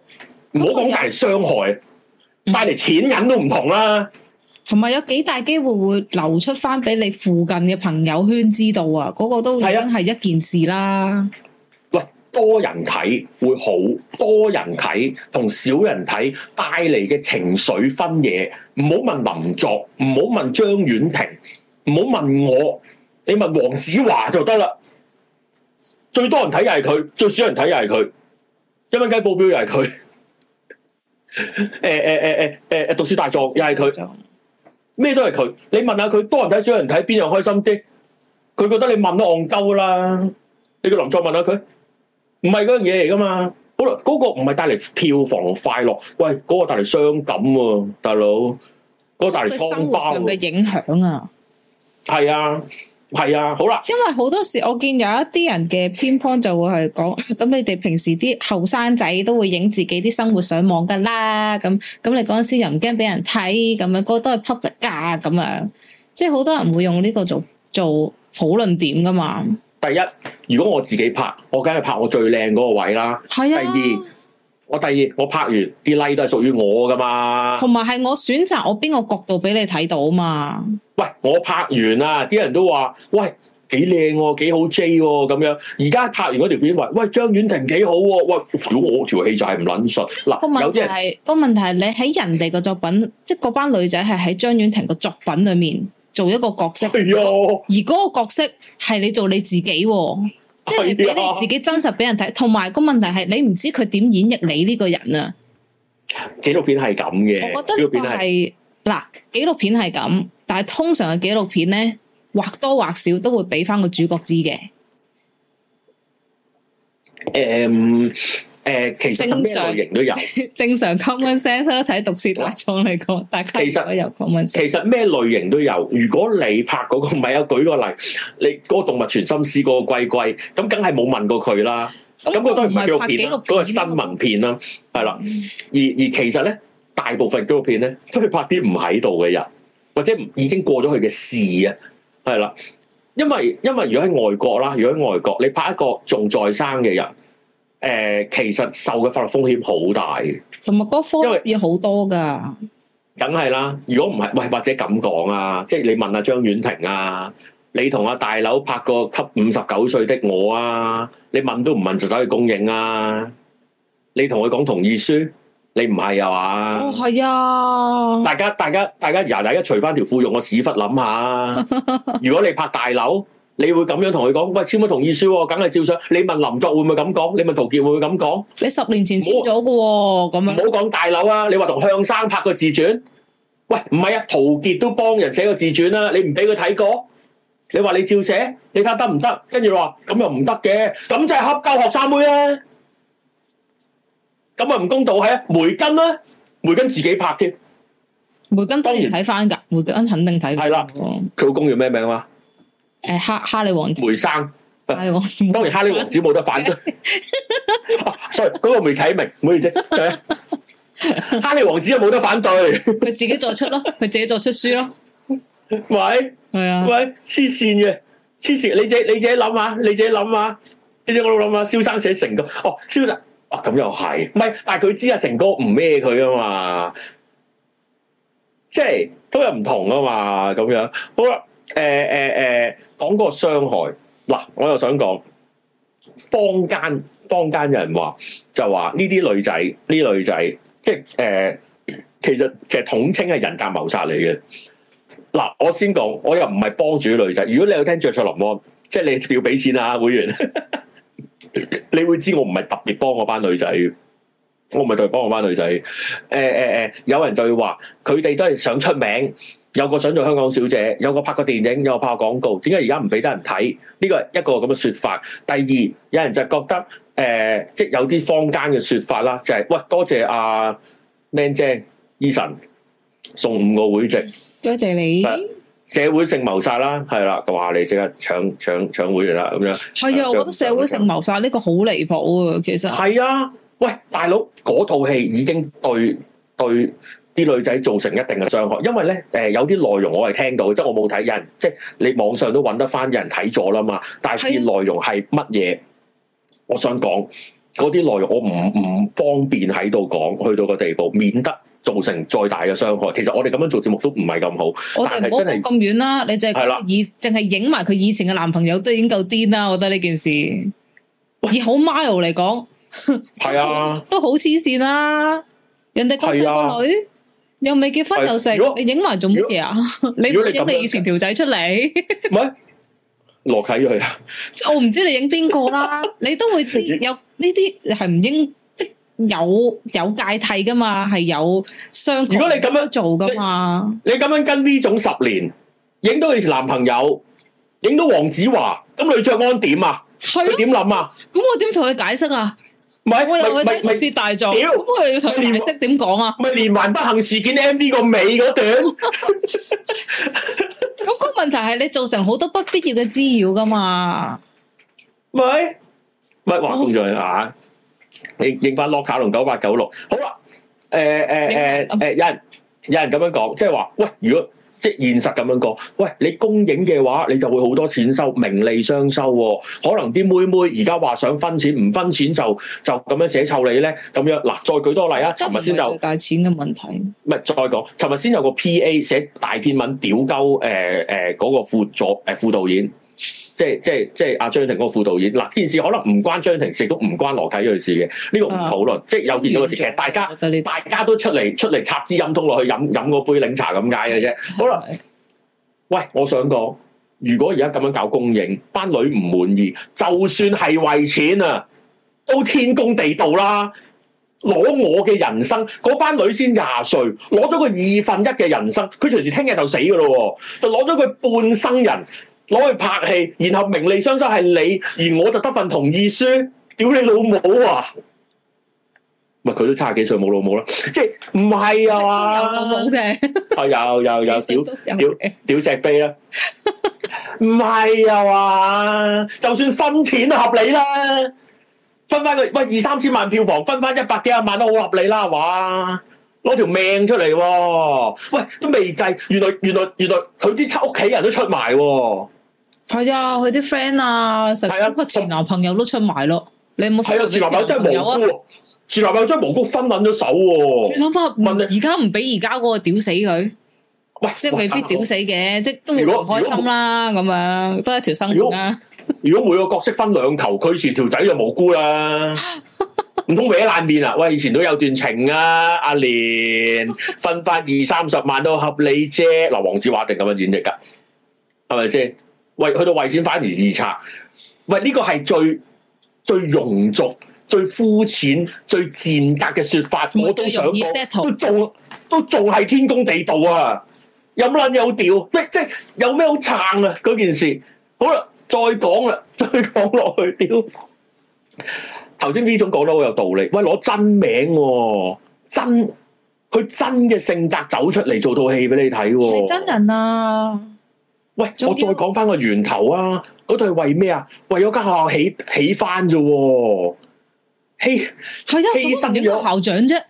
唔好講帶嚟傷害，帶嚟錢銀都唔同啦、啊。同埋有，有幾大機會會流出翻俾你附近嘅朋友圈知道啊？嗰、那個都已經係一件事啦。喂、啊，多人睇會好，多人睇同少人睇帶嚟嘅情緒分野，唔好問林作，唔好問張婉婷，唔好問我，你問黃子華就得啦。最多人睇又係佢，最少人睇又係佢，一蚊雞報表又係佢，誒誒誒誒誒誒，讀書大作又係佢，咩都係佢。你問下佢，多人睇少人睇，邊樣開心啲？佢覺得你問到戇鳩啦。你叫林作問下佢，唔係嗰樣嘢嚟噶嘛？好啦，嗰個唔係帶嚟票房快樂，喂，嗰個帶嚟傷感喎、啊，大佬，嗰個帶嚟喪爆嘅影響啊，係啊。係啊，好啦。因為好多時我見有一啲人嘅偏方就會係講，咁、嗯、你哋平時啲後生仔都會影自己啲生活上網噶啦，咁咁你嗰陣時又唔驚俾人睇，咁樣嗰個都係 public 架，咁樣，即係好多人會用呢個做做討論點噶嘛。第一，如果我自己拍，我梗係拍我最靚嗰個位啦。係啊。第二，我第二我拍完啲 like 都係屬於我噶嘛。同埋係我選擇我邊個角度俾你睇到嘛。喂，我拍完啦，啲人都話喂幾靚，啊，幾好 J 咁、啊、樣。而家拍完嗰條片話，喂張婉婷幾好，喂，如果、啊、我條戲就係唔捻實嗱。個問題係個問題係你喺人哋嘅作品，即係嗰班女仔係喺張婉婷嘅作品裏面做一個角色。哎、呀而嗰個角色係你做你自己、啊，即係俾你自己真實俾人睇。同埋、哎、呀個問題係你唔知佢點演繹你呢個人啊？紀錄片係咁嘅，我覺得呢個係。嗱，紀錄片係咁，但係通常嘅紀錄片咧，或多或少都會俾翻個主角知嘅。誒誒、嗯嗯，其實咩類型都有。正常，正常 common sense 啦，睇《毒舌大狀》嚟講，大家其實有 common sense，其實咩類型都有。如果你拍嗰、那個咪有 舉個例，你嗰個動物傳心師嗰個龜龜，咁梗係冇問過佢啦。咁嗰、嗯、都唔係紀錄片啦，嗰個、啊、個新聞片啦、啊，係啦、嗯。而而其實咧。大部分膠片咧，都係拍啲唔喺度嘅人，或者已經過咗佢嘅事啊，係啦。因為因為如果喺外國啦，如果喺外國，你拍一個仲在生嘅人，誒、呃，其實受嘅法律風險好大嘅。同埋嗰科因好為多噶，梗係啦。如果唔係，喂，或者咁講啊，即係你問阿張婉婷啊，你同阿大佬拍個畀五十九歲的我啊，你問都唔問就走去公映啊？你同佢講同意書？你唔係啊嘛？係啊、哦！大家大家大家由大家除翻條褲用個屎忽諗下。 如果你拍大樓，你會咁樣同佢講？喂，簽咗同意書？梗係照上。你問林作會唔會咁講？你問陶傑會唔會咁講？你十年前簽咗嘅，咁啊！唔好講大樓啊！你話同向生拍個自傳？喂，唔係啊！陶傑都幫人寫個自傳啦，啊，你唔俾佢睇過？你話你照寫？你睇下得唔得？跟住話咁又唔得嘅，咁就係恰教學生妹啊！咁啊唔公道係啊，梅根啦、啊，梅根自己拍添，梅根當然睇翻噶，梅根肯定睇。係啦，佢老公叫咩名啊？誒、哎，哈哈利王子梅生，啊、梅當然哈利王子冇得反對。sorry，嗰個未睇明，唔好意思。係啊， 哈利王子又冇得反對，佢 自己作出咯，佢自己作出書咯。喂 是，係啊，喂，黐線嘅，黐線、啊，你自己你自己諗下，你自己諗下，你自我老諗下，蕭生寫成個，哦，蕭達。啊，咁又係，唔係，但係佢知阿成哥唔孭佢啊嘛，即係都又唔同啊嘛，咁樣好啦，誒誒誒，講個傷害嗱，我又想講，坊間坊間有人話就話呢啲女仔呢女仔，即係誒、呃，其實其實統稱係人格謀殺嚟嘅。嗱，我先講，我又唔係幫住女仔，如果你有聽著塞林安，即係你要俾錢啊，會員。 你會知我唔係特別幫我班女仔，我唔係特別幫我班女仔。誒誒誒，有人就會話，佢哋都係想出名，有個想做香港小姐，有個拍過電影，有個拍過廣告，點解而家唔俾得人睇？呢個係一個咁嘅說法。第二，有人就覺得，誒、呃，即係有啲坊間嘅說法啦，就係、是，喂，多謝阿、啊、man 姐，Eason 送五個會籍，多謝你。社會性謀殺啦，係啦，就話你即刻搶搶搶會員啦，咁樣係啊，的樣我覺得社會性謀殺呢個好離譜啊，其實係啊，喂，大佬嗰套戲已經對對啲女仔造成一定嘅傷害，因為咧，誒、呃，有啲內容我係聽到，即係我冇睇，有人即係你網上都揾得翻，有人睇咗啦嘛，但係字內容係乜嘢？的我想講嗰啲內容我，我唔唔方便喺度講，去到個地步，免得。造成再大嘅傷害，其實我哋咁樣做節目都唔係咁好。我哋唔好講咁遠啦，你淨係以淨係影埋佢以前嘅男朋友都已經夠癲啦！我覺得呢件事，以好 mild 嚟講，係啊，都好黐線啦！人哋咁細個女，又未結婚又食，你影埋做乜嘢啊？你影你以前條仔出嚟？唔係羅啟銳啊！我唔知你影邊個啦，你都會知有呢啲係唔應。有有界替噶嘛，係有雙方都做噶嘛。你咁樣跟呢種十年，影到你男朋友，影到黃子華，咁李卓安點啊？係咯？點諗啊？咁我點同佢解釋啊？咪咪咪毒舌大狀，咁佢連埋識點講啊？咪連環不幸事件 MV 個尾嗰段。咁個問題係你造成好多不必要嘅滋擾噶嘛？咪咪華鋒在下。影影翻《洛卡、er》同、欸《九八九六》好啦，誒誒誒誒，有人有人咁樣講，即係話，喂，如果即係現實咁樣講，喂，你公映嘅話，你就會好多錢收，名利雙收喎，哦。可能啲妹妹而家話想分錢，唔分錢就就咁樣寫臭你咧。咁樣嗱，再舉多例啊，尋日先有大錢嘅問題，唔係再講。尋日先有個 P A 寫大篇文屌鳩誒誒嗰個副助誒、呃、副導演。即係即係即係阿張庭嗰個副導演嗱，件事可能唔關張庭事，都唔關羅啟銳呢件事嘅，呢個唔討論。即係有見到嘅事，其實大家大家都出嚟出嚟插支飲筒落去飲飲個杯檸茶咁解嘅啫。的好啦，喂，我想講，如果而家咁樣搞公映，班女唔滿意，就算係為錢啊，都天公地道啦，攞我嘅人生，嗰班女先廿歲，攞咗佢二分一嘅人生，佢隨時聽日就死噶咯，就攞咗佢半生人。攞去拍戲，然後名利雙收係你，而我就得份同意書，屌你老母啊！唔係佢都差廿幾歲冇老母啦，即係唔係啊？有老母嘅，啊有有有，少， 屌屌石碑啦、啊，唔係啊？就算分錢都合理啦，分翻佢喂二三千萬票房，分翻一百幾廿萬都好合理啦，係嘛？攞條命出嚟、啊，喂都未計，原來原來原來佢啲七屋企人都出埋、啊。係啊，佢啲 friend 啊，甚至自前男朋友都出埋咯。的你有冇睇啊自？自立友真係無辜咯，自立友將無辜分捻咗手、啊。你諗下、啊，而家唔俾而家嗰個屌死佢，喂，即係未必屌死嘅，喂即係都會唔開心啦。咁樣都係條生命啊如。如果每個角色分兩頭，佢前條仔就無辜啦，唔通歪爛面啊？喂，以前都有段情啊，阿蓮分翻二三十萬都合理啫。嗱，黃子華定咁樣演繹噶，係咪先？喂，去到為錢反而自殺，喂！呢、這個係最最庸俗、最膚淺、最賤格嘅說法。會會我都想講，都仲都仲係天公地道啊！有撚有屌，即即有咩好撐啊？嗰件事好啦，再講啦，再講落去屌！頭先 V 總講得好有道理，喂！攞真名、哦，真佢真嘅性格走出嚟做套戲俾你睇、哦，係真人啊！喂，我再講翻個源頭啊！嗰度係為咩啊？為咗間學校起起翻啫，欺係啊，欺影個校長啫。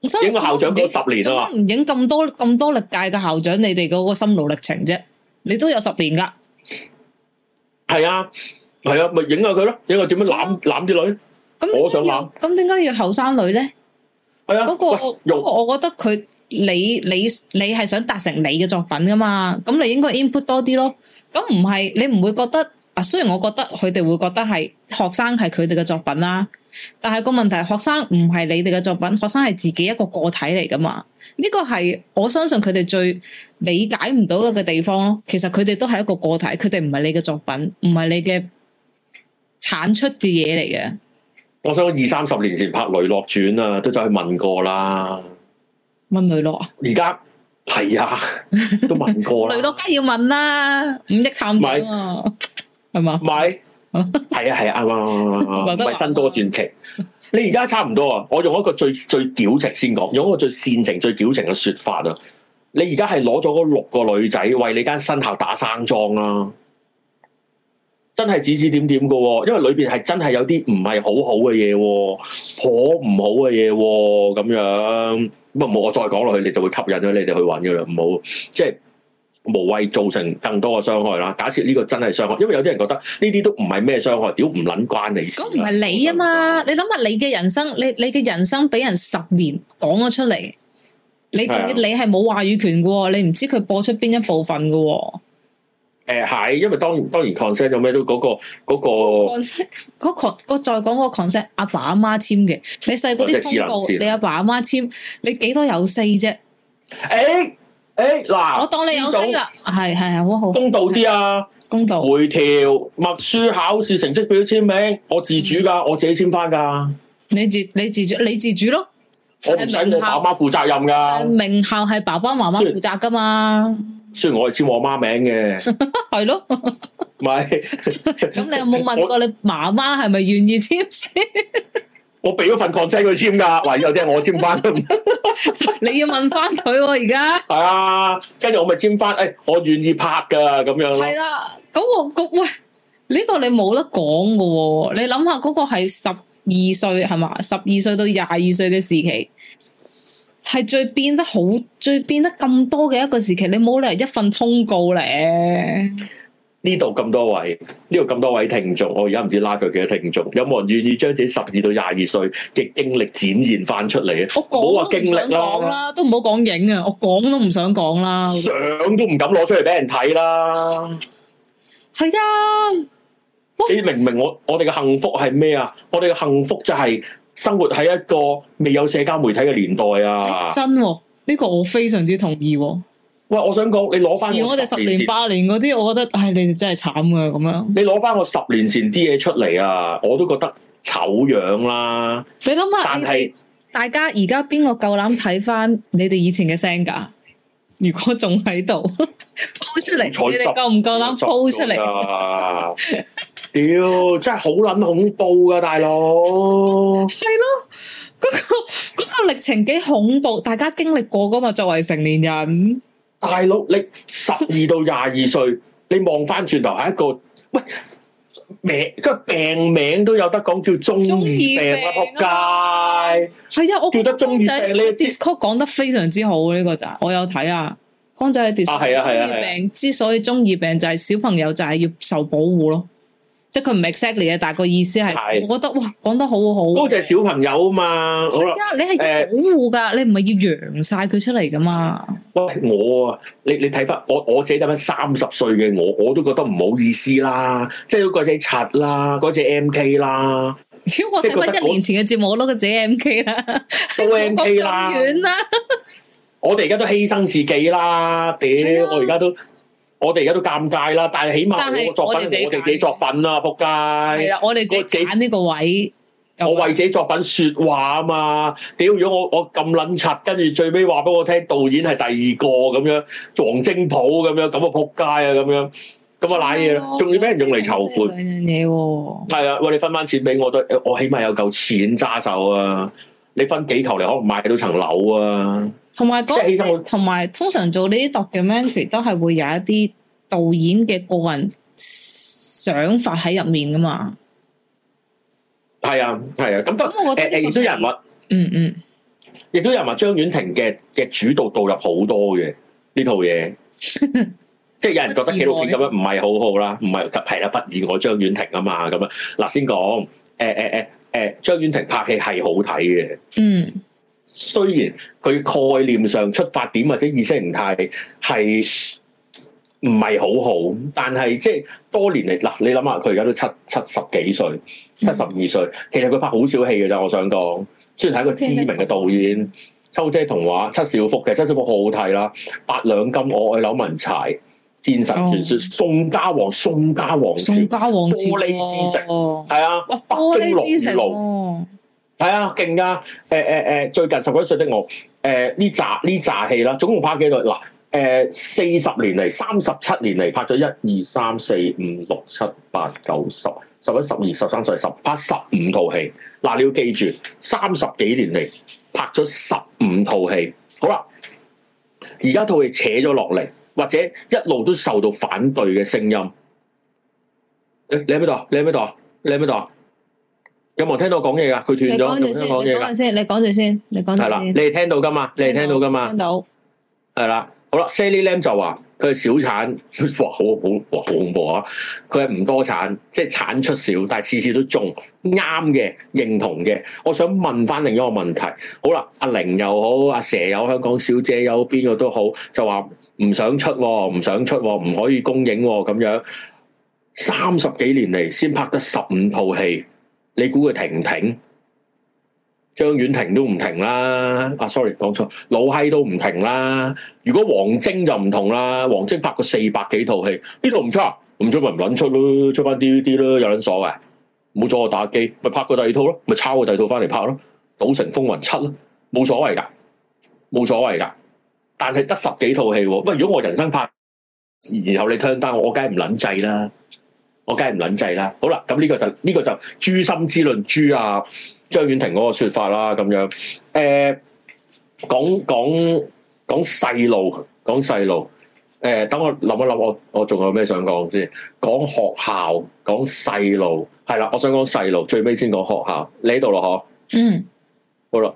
我想影嘅校長過十年啊嘛，唔影咁多咁多歷屆嘅校長，你哋嗰個心路歷程啫，你都有十年噶。係啊，係啊，咪影下佢咯？影下點樣攬攬啲女？我想攬，咁點解要後生女咧？係啊，嗰個，不過我覺得佢。你你你係想達成你嘅作品噶嘛？咁你應該 input 多啲咯。咁唔係你唔會覺得？啊，雖然我覺得佢哋會覺得係學生係佢哋嘅作品啦，但係個問題，學生唔係你哋嘅作品，學生係自己一個個體嚟噶嘛？呢個係我相信佢哋最理解唔到嘅地方咯。其實佢哋都係一個個體，佢哋唔係你嘅作品，唔係你嘅產出嘅嘢嚟嘅。我想二三十年前拍《雷洛傳》啊，都走去問過啦。問雷洛啊？而家係啊，都問過 雷洛梗要問啦，五億探長啊，係嘛是？買係啊係啊啱啊，唔係新歌傳奇。 你而家差唔多啊，我用一個最最矯情先講，用一個最煽情最矯情嘅說法啊，你而家係攞咗嗰六個女仔為你間新校打生樁啊。真係指指點點嘅，因為裏邊係真係有啲唔係好好嘅嘢，可唔好嘅嘢咁樣。唔唔，我再講落去，你就會吸引咗你哋去揾嘅啦。唔好，即係無謂造成更多嘅傷害啦。假設呢個真係傷害，因為有啲人覺得呢啲都唔係咩傷害，屌，唔捻關你事。咁唔係你啊嘛？你諗下你嘅人生，你你嘅人生俾人十年講咗出嚟，你仲要的你係冇話語權嘅，你唔知佢播出邊一部分嘅。誒，係、呃，因為當然當然 consent 咗咩都嗰個嗰個，嗰 c o n 再講嗰個 consent，阿爸阿媽簽嘅，你細嗰啲通告，謝謝你阿爸阿媽簽，你幾多有四啫？誒誒、欸，嗱、欸，我當你有四啦，係係係，好好公道啲啊，公道。回條默書考試成績表簽名，我自主噶，嗯、我自己簽翻噶。你自你自主你自主咯，我唔想阿爸阿媽負責任噶。名校係爸爸媽媽負責噶嘛。雖然我係簽我媽名嘅，係咯，咪咁你有冇問過你媽媽係咪願意簽先？ 我畀咗份 contract 佢簽噶，話有啲係我簽翻，你要問翻佢而家。係啊，跟住、 啊、我咪簽翻，誒、哎，我願意拍噶咁樣咯。係啦，咁、那、我個、那個、喂呢、這個你冇得講噶、哦，你諗下嗰個係十二歲係嘛，十二歲到廿二歲嘅時期。係最變得好，最變得咁多嘅一個時期，你冇理由一份通告咧？呢度咁多位，呢度咁多位聽眾，我而家唔知拉佢幾多聽眾，有冇人願意將自己十二到廿二歲嘅經歷展現翻出嚟咧？唔好話我說 經歷啦，都唔好講影啊！我講都唔想講啦，相都唔敢攞出嚟俾人睇啦。係 啊，你明唔明我我哋嘅幸福係咩啊？我哋嘅幸福就係、是。生活喺一個未有社交媒體嘅年代啊！欸、真、哦，呢、這個我非常之同意、哦。喂，我想講你攞翻我哋十年八年嗰啲，我覺得唉、哎，你哋真係慘啊。咁樣。你攞翻我十年前啲嘢出嚟啊，我都覺得醜樣啦。你諗下，但係是大家而家邊個夠膽睇翻你哋以前嘅聲噶？如果仲喺度，鋪 出嚟，你哋夠唔夠膽鋪出嚟？ 屌，真係好捻恐怖噶，大佬。係咯， 嗰、那個嗰、那個歷程幾恐怖，大家經歷過噶嘛？作為成年人，大佬你十二到廿二歲，你望翻轉頭係一個，喂名個病名都有得講，叫中二病啊仆街。係啊，我覺得仔中二病你仔你 Discord 講得非常之好呢、這個就是、我有睇啊，江仔嘅 Discord 係啊，係啊。中二病之所以中二病，就係小朋友就係要受保護咯。即佢唔係 exactly 嘅，但係個意思係，是我覺得哇，講得好好，啊。多謝小朋友啊嘛，好啦，你係保護噶，你唔係要揚晒佢出嚟噶嘛？喂，我啊，你、呃、你睇翻我我，我自己咁樣三十歲嘅我，我都覺得唔好意思啦，即係嗰隻柒啦，嗰隻 MK 啦，超我睇翻一年前嘅節目都嗰隻 MK 啦，都 MK 啦，遠、 啊、啦，我哋而家都犧牲自己啦，屌、啊、我而家都。我哋而家都尷尬啦，但係起碼我個作品係我哋自，自己作品啊！撲街係啦，我哋自己揀呢個位，我為自己作品說話啊！屌，如果我我咁撚柒，跟住最尾話俾我聽導演係第二個咁樣，黃精甫咁樣，咁啊撲街啊咁樣，咁啊瀨嘢仲要俾人用嚟籌款！兩樣嘢係啊，喂，你分翻錢俾我都，我起碼有嚿錢揸手啊！你分幾球你可能買到層樓啊？同埋同埋通常做呢啲 documentary 都係會有一啲導演嘅個人想法喺入面噶嘛？係啊係啊，咁都誒誒，亦都、欸、有人話，嗯嗯，亦都有人話張婉婷嘅嘅主導導入好多嘅呢套嘢， 即係有人覺得紀錄片咁樣唔係好好啦，唔係係啦，不以我張婉婷啊嘛，咁樣嗱，先講誒誒誒誒，張婉婷拍戲係好睇嘅，嗯。雖然佢概念上出發點或者意思唔太係唔係好好，但係即係多年嚟，嗱、啊，你諗下佢而家都七七十幾歲，七十二歲，其實佢拍好少戲嘅咋。我想講，雖然係一個知名嘅導演，聽聽秋姐童話、七少福，嘅七少福好好睇啦，兩《八兩金我愛扭紋柴》、《戰神傳說》哦、宋《宋家王》、《宋家王》、《宋家王》、《玻璃之城》係啊，《北京路》啊。係啊，勁噶、啊！誒誒誒，最近十九歲的我，誒呢扎呢扎戲啦，總共拍幾多？嗱、啊，誒四十年嚟，三十七年嚟拍咗一二三四五六七八九十十一十二十三歲，十拍十五套戲。嗱，你要記住，三十幾年嚟拍咗十五套戲。好啦，而家套戲扯咗落嚟，或者一路都受到反對嘅聲音。誒，你喺邊度，你喺邊度，你喺邊度。有冇聽到講嘢噶？佢斷咗，講嘢？你講住先，你講住先，你講住先。係啦，你係聽到噶嘛？你係聽到噶嘛？聽到。係啦，好啦，Sally Lam 就話佢係小產，哇，好好，哇，好恐怖啊！佢係唔多產，即係產出少，但係次次都中，啱嘅，認同嘅。我想問翻另一個問題。好啦，阿玲又好，阿蛇友香港小姐又好，邊個都好，就話唔想出喎，唔想出喎，唔可以公映喎，咁樣。三十幾年嚟，先拍得十五套戲。你估佢停唔停？張婉婷停都唔停啦。啊，sorry，講錯，老閪都唔停啦。如果王晶就唔同啦，王晶拍過四百幾套戲，呢套唔差，唔、啊、出咪唔捻出咯，出翻 D V D 咯，有捻所謂？唔好阻我打機，咪拍過第二套咯，咪抄過第二套翻嚟拍咯，《賭城風雲七》咯，冇所謂噶，冇所謂噶。但係得十幾套戲，喂，如果我人生拍，然後你聽單，我我梗係唔捻制啦。我梗係唔捻制啦，好啦，咁呢個就呢個就誅心之論，誅阿張婉婷嗰個說法啦，咁樣，誒、呃，講講講細路，講細路，誒，等、呃、我諗一諗，我我仲有咩想講先，講學校，講細路，係啦，我想講細路，最尾先講學校，你喺度咯嗬，嗯，好啦。.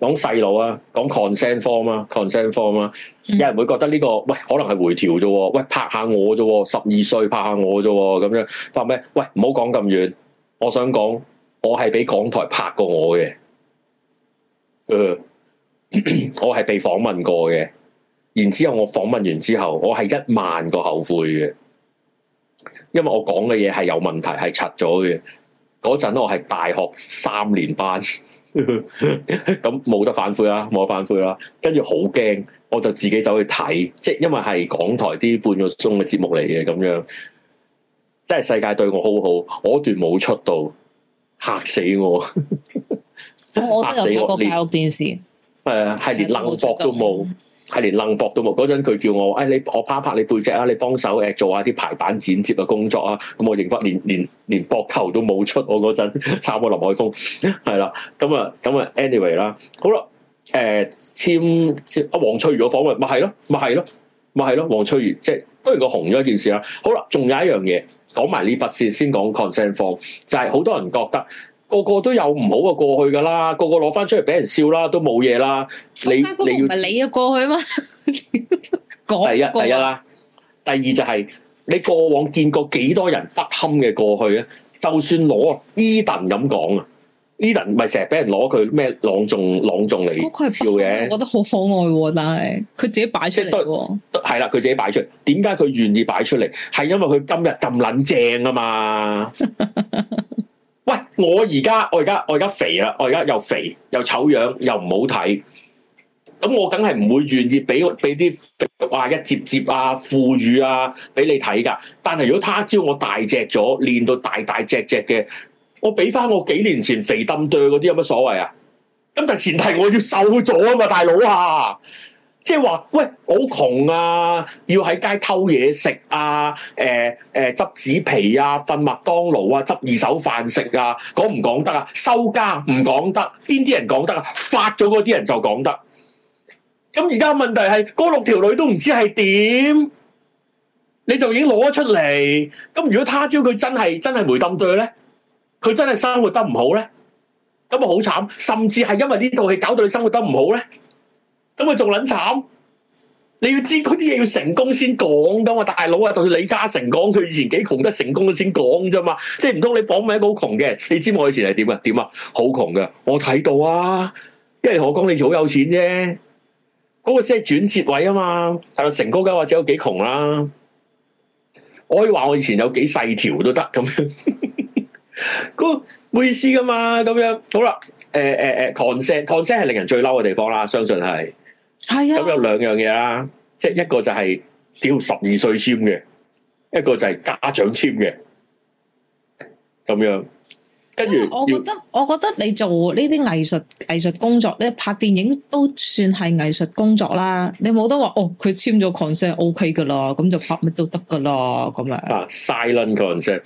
講細路啊，講 c o n c e n t form 啊 c o n c e n t form 啊，有人會覺得呢、這個喂，可能係回調啫，喂拍下我啫，十二歲拍下我啫，咁樣，但咩？喂，唔好講咁遠，我想講，我係俾港台拍過我嘅，呃， 我係被訪問過嘅，然之後我訪問完之後，我係一萬個後悔嘅，因為我講嘅嘢係有問題，係錯咗嘅，嗰陣我係大學三年班。咁冇 得反悔啦，冇得反悔啦。跟住好驚，我就自己走去睇，即係因為係港台啲半個鐘嘅節目嚟嘅，咁樣，真係世界對我好好，我段冇出到，嚇死我，嚇 死我！教育電視，誒連，係對連冷播都冇。係連愣膊都冇，嗰陣佢叫我，哎你我拍一拍你背脊啊，你幫手誒做下啲排版剪接嘅工作啊，咁我認翻連連連膊頭都冇出，我嗰陣差過林海峰。係啦，咁、anyway, 呃、啊咁啊 anyway 啦，好啦，誒簽簽阿黃翠如嘅訪問，咪係咯，咪係咯，咪係咯，黃、就是就是、翠如即係當然個紅咗一件事啦。好啦，仲有一樣嘢講埋呢筆先，先講 consent form 就係好多人覺得。個個都有唔好嘅過去噶啦，個個攞翻出嚟俾人笑啦，都冇嘢啦。你你唔係你嘅過去啊嘛？ 去第一第一啦，第二就係、是、你過往見過幾多人不堪嘅過去咧就算攞 Edan 咁講啊，Edan 唔係成日俾人攞佢咩朗誦朗誦嚟笑嘅，我覺得好可愛。但係佢自己擺出嚟喎，係啦，佢自己擺出嚟。點解佢願意擺出嚟？係因為佢今日咁撚正啊嘛。我而家我而家我而家肥啦，我而家又肥又醜樣又唔好睇，咁我梗係唔會願意俾俾啲肥肉一摺摺啊富裕啊俾你睇噶。但係如果他朝我大隻咗，練到大大隻隻嘅，我俾翻我幾年前肥墩哚嗰啲有乜所謂啊？咁但前提我要瘦咗啊嘛，大佬啊！即係話喂，好窮啊，要喺街偷嘢食啊，誒、呃、誒，執、呃、紙皮啊，瞓麥當勞啊，執二手飯食啊，講唔講得啊？收家唔講得？邊啲人講得啊？發咗嗰啲人就講得。咁而家問題係嗰六條女都唔知係點，你就已經攞咗出嚟。咁、嗯、如果他朝佢真係真係霉氹對咧，佢真係生活得唔好咧，咁啊好慘。甚至係因為呢套戲搞到你生活得唔好咧。咁啊，仲捻慘！你要知嗰啲嘢要成功先講噶嘛，大佬啊！就算李嘉誠講佢以前幾窮得成功，都先講啫嘛。即係唔通你訪問一個好窮嘅？你知我以前係點啊？點啊？好窮嘅，我睇到啊，因為我講以前你好有錢啫。嗰、那個即係轉折位啊嘛，係咪成功嘅或者有幾窮啦？我可以話我以前有幾細條都得咁樣，嗰 冇意思噶嘛，咁樣好啦。誒、呃、誒誒、呃呃、，concept concept 係令人最嬲嘅地方啦，相信係。係咁有兩樣嘢啦，即係一個就係屌十二歲簽嘅，一個就係家長簽嘅，咁樣跟住。我覺得要我覺得你做呢啲藝術藝術工作咧，你拍電影都算係藝術工作啦。你冇得話哦，佢簽咗 consent，OK 噶啦，咁、okay、就拍乜都得噶、啊、啦，咁樣。啊，silent consent。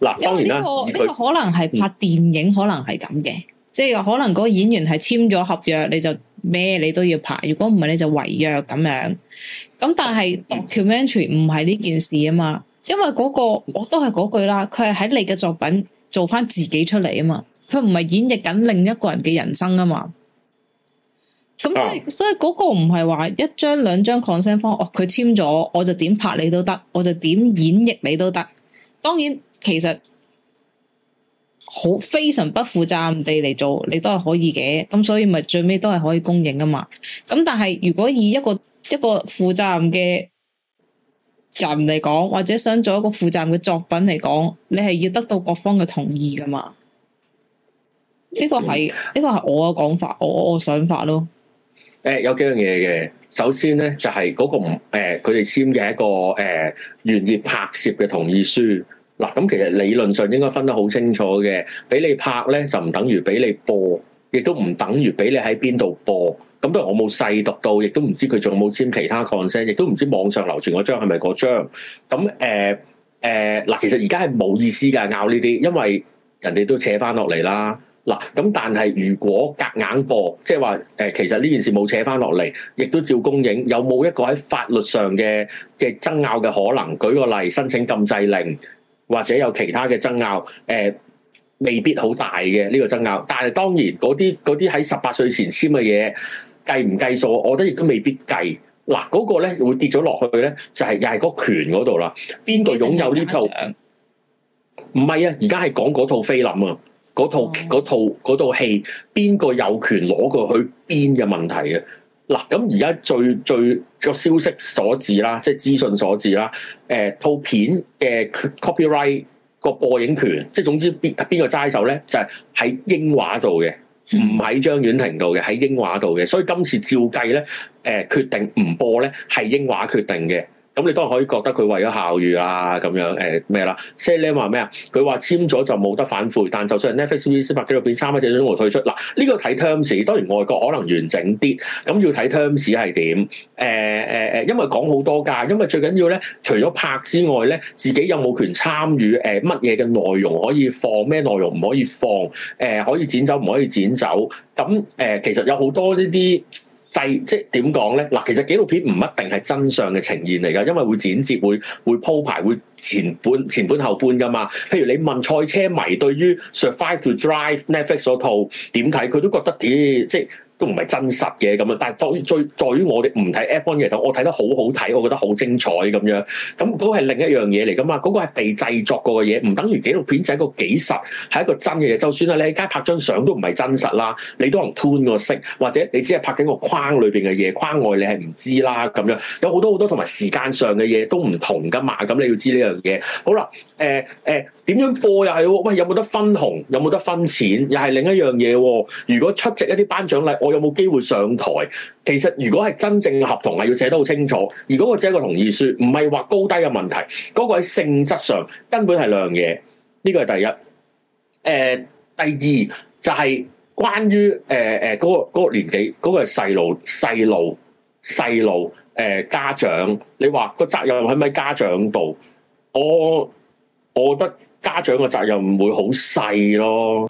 嗱，當然啦，呢、這個、他個可能係拍電影，可能係咁嘅，嗯、即係可能個演員係簽咗合約，你就。咩你都要拍，如果唔係你就違約咁樣。咁但係 documentary 唔係呢件事啊嘛，因為嗰、嗰個我都係嗰句啦，佢係喺你嘅作品做翻自己出嚟啊嘛，佢唔係演繹緊另一個人嘅人生啊嘛。咁、嗯、所以 所以嗰個唔係話一張兩張 consent form 哦，佢簽咗我就點拍你都得，我就點演繹你都得。當然其實。好非常不負責任地嚟做，你都係可以嘅。咁所以咪最尾都係可以公映噶嘛。咁但係如果以一個一個負責任嘅人嚟講，或者想做一個負責任嘅作品嚟講，你係要得到各方嘅同意噶嘛？呢個係呢個係我嘅講法，我我嘅想法咯。誒、欸，有幾樣嘢嘅。首先咧就係、是、嗰、那個誒，佢哋簽嘅一個誒，願、呃、意拍攝嘅同意書。嗱，咁其實理論上應該分得好清楚嘅，俾你拍咧就唔等於俾你播，亦都唔等於俾你喺邊度播。咁都我冇細讀到，亦都唔知佢仲冇簽其他 consent，亦都唔知網上流傳嗰張係咪嗰張。咁誒誒，嗱、呃呃，其實而家係冇意思㗎，拗呢啲，因為人哋都扯翻落嚟啦。嗱，咁但係如果夾硬播，即係話誒，其實呢件事冇扯翻落嚟，亦都照公映，有冇一個喺法律上嘅嘅爭拗嘅可能？舉個例，申請禁制令。或者有其他嘅爭拗，誒、呃、未必好大嘅呢、這個爭拗。但係當然嗰啲啲喺十八歲前簽嘅嘢計唔計數？我覺得亦都未必計。嗱、啊、嗰、那個咧會跌咗落去咧，就係、是、又係個權嗰度啦。邊度擁有呢套？唔係、嗯嗯、啊，而家係講嗰套菲林啊，嗰套、嗯、套套戲，邊個有權攞過去編嘅問題啊？嗱，咁而家最最個消息所致啦，即係資訊所致啦。誒、欸，套片嘅 copyright 個播映權，即係總之邊邊個揸手咧，就係、是、喺英華度嘅，唔喺張婉婷度嘅，喺英華度嘅。所以今次照計咧，誒、欸、決定唔播咧，係英華決定嘅。咁你當然可以覺得佢為咗效益啊，咁樣誒咩啦？Sir，你話咩啊？佢話簽咗就冇得反悔，但就算 Netflix V C 百幾六片刪或者中途退出，嗱呢、這個睇 terms。當然外國可能完整啲，咁要睇 terms 係點？誒誒誒，因為講好多㗎，因為最緊要咧，除咗拍之外咧，自己有冇權參與？誒乜嘢嘅內容可以放？咩內容唔可以放？誒可以剪走，唔可以剪走。咁、呃、誒，其實有好多呢啲。制即係點講咧？嗱，其實紀錄片唔一定係真相嘅呈現嚟㗎，因為會剪接、會會鋪排、會前半前半後半㗎嘛。譬如你問賽車迷對於《Survive to Drive Netflix》嗰套點睇，佢都覺得，咦，即係。都唔係真實嘅咁樣！但係在最在於我哋唔睇 F1 嘅台，我睇得好好睇，我覺得好精彩咁樣。咁嗰個係另一樣嘢嚟噶嘛？嗰、嗰個係被製作過嘅嘢，唔等於紀錄片就係一個紀實係一個真嘅嘢。就算啊，你喺街拍張相都唔係真實啦，你都能吞個色，或者你只係拍緊個框裏邊嘅嘢，框外你係唔知啦咁樣。有好多好多間同埋時間上嘅嘢都唔同噶嘛！咁你要知呢樣嘢。好啦，誒、呃、誒，點、呃、樣播又係？喂，有冇得分紅？有冇得分錢？又係另一樣嘢。如果出席一啲頒獎禮，有冇機會上台？其實如果係真正嘅合同係要寫得好清楚，如果個只係一個同意書，唔係話高低嘅問題。嗰個喺性質上根本係兩樣嘢。呢個係第一。誒，第二就係關於誒誒嗰個年紀，嗰個係細路、細路、細路。誒，家長，你話個責任喺咪家長度？我我覺得家長嘅責任唔會好細咯。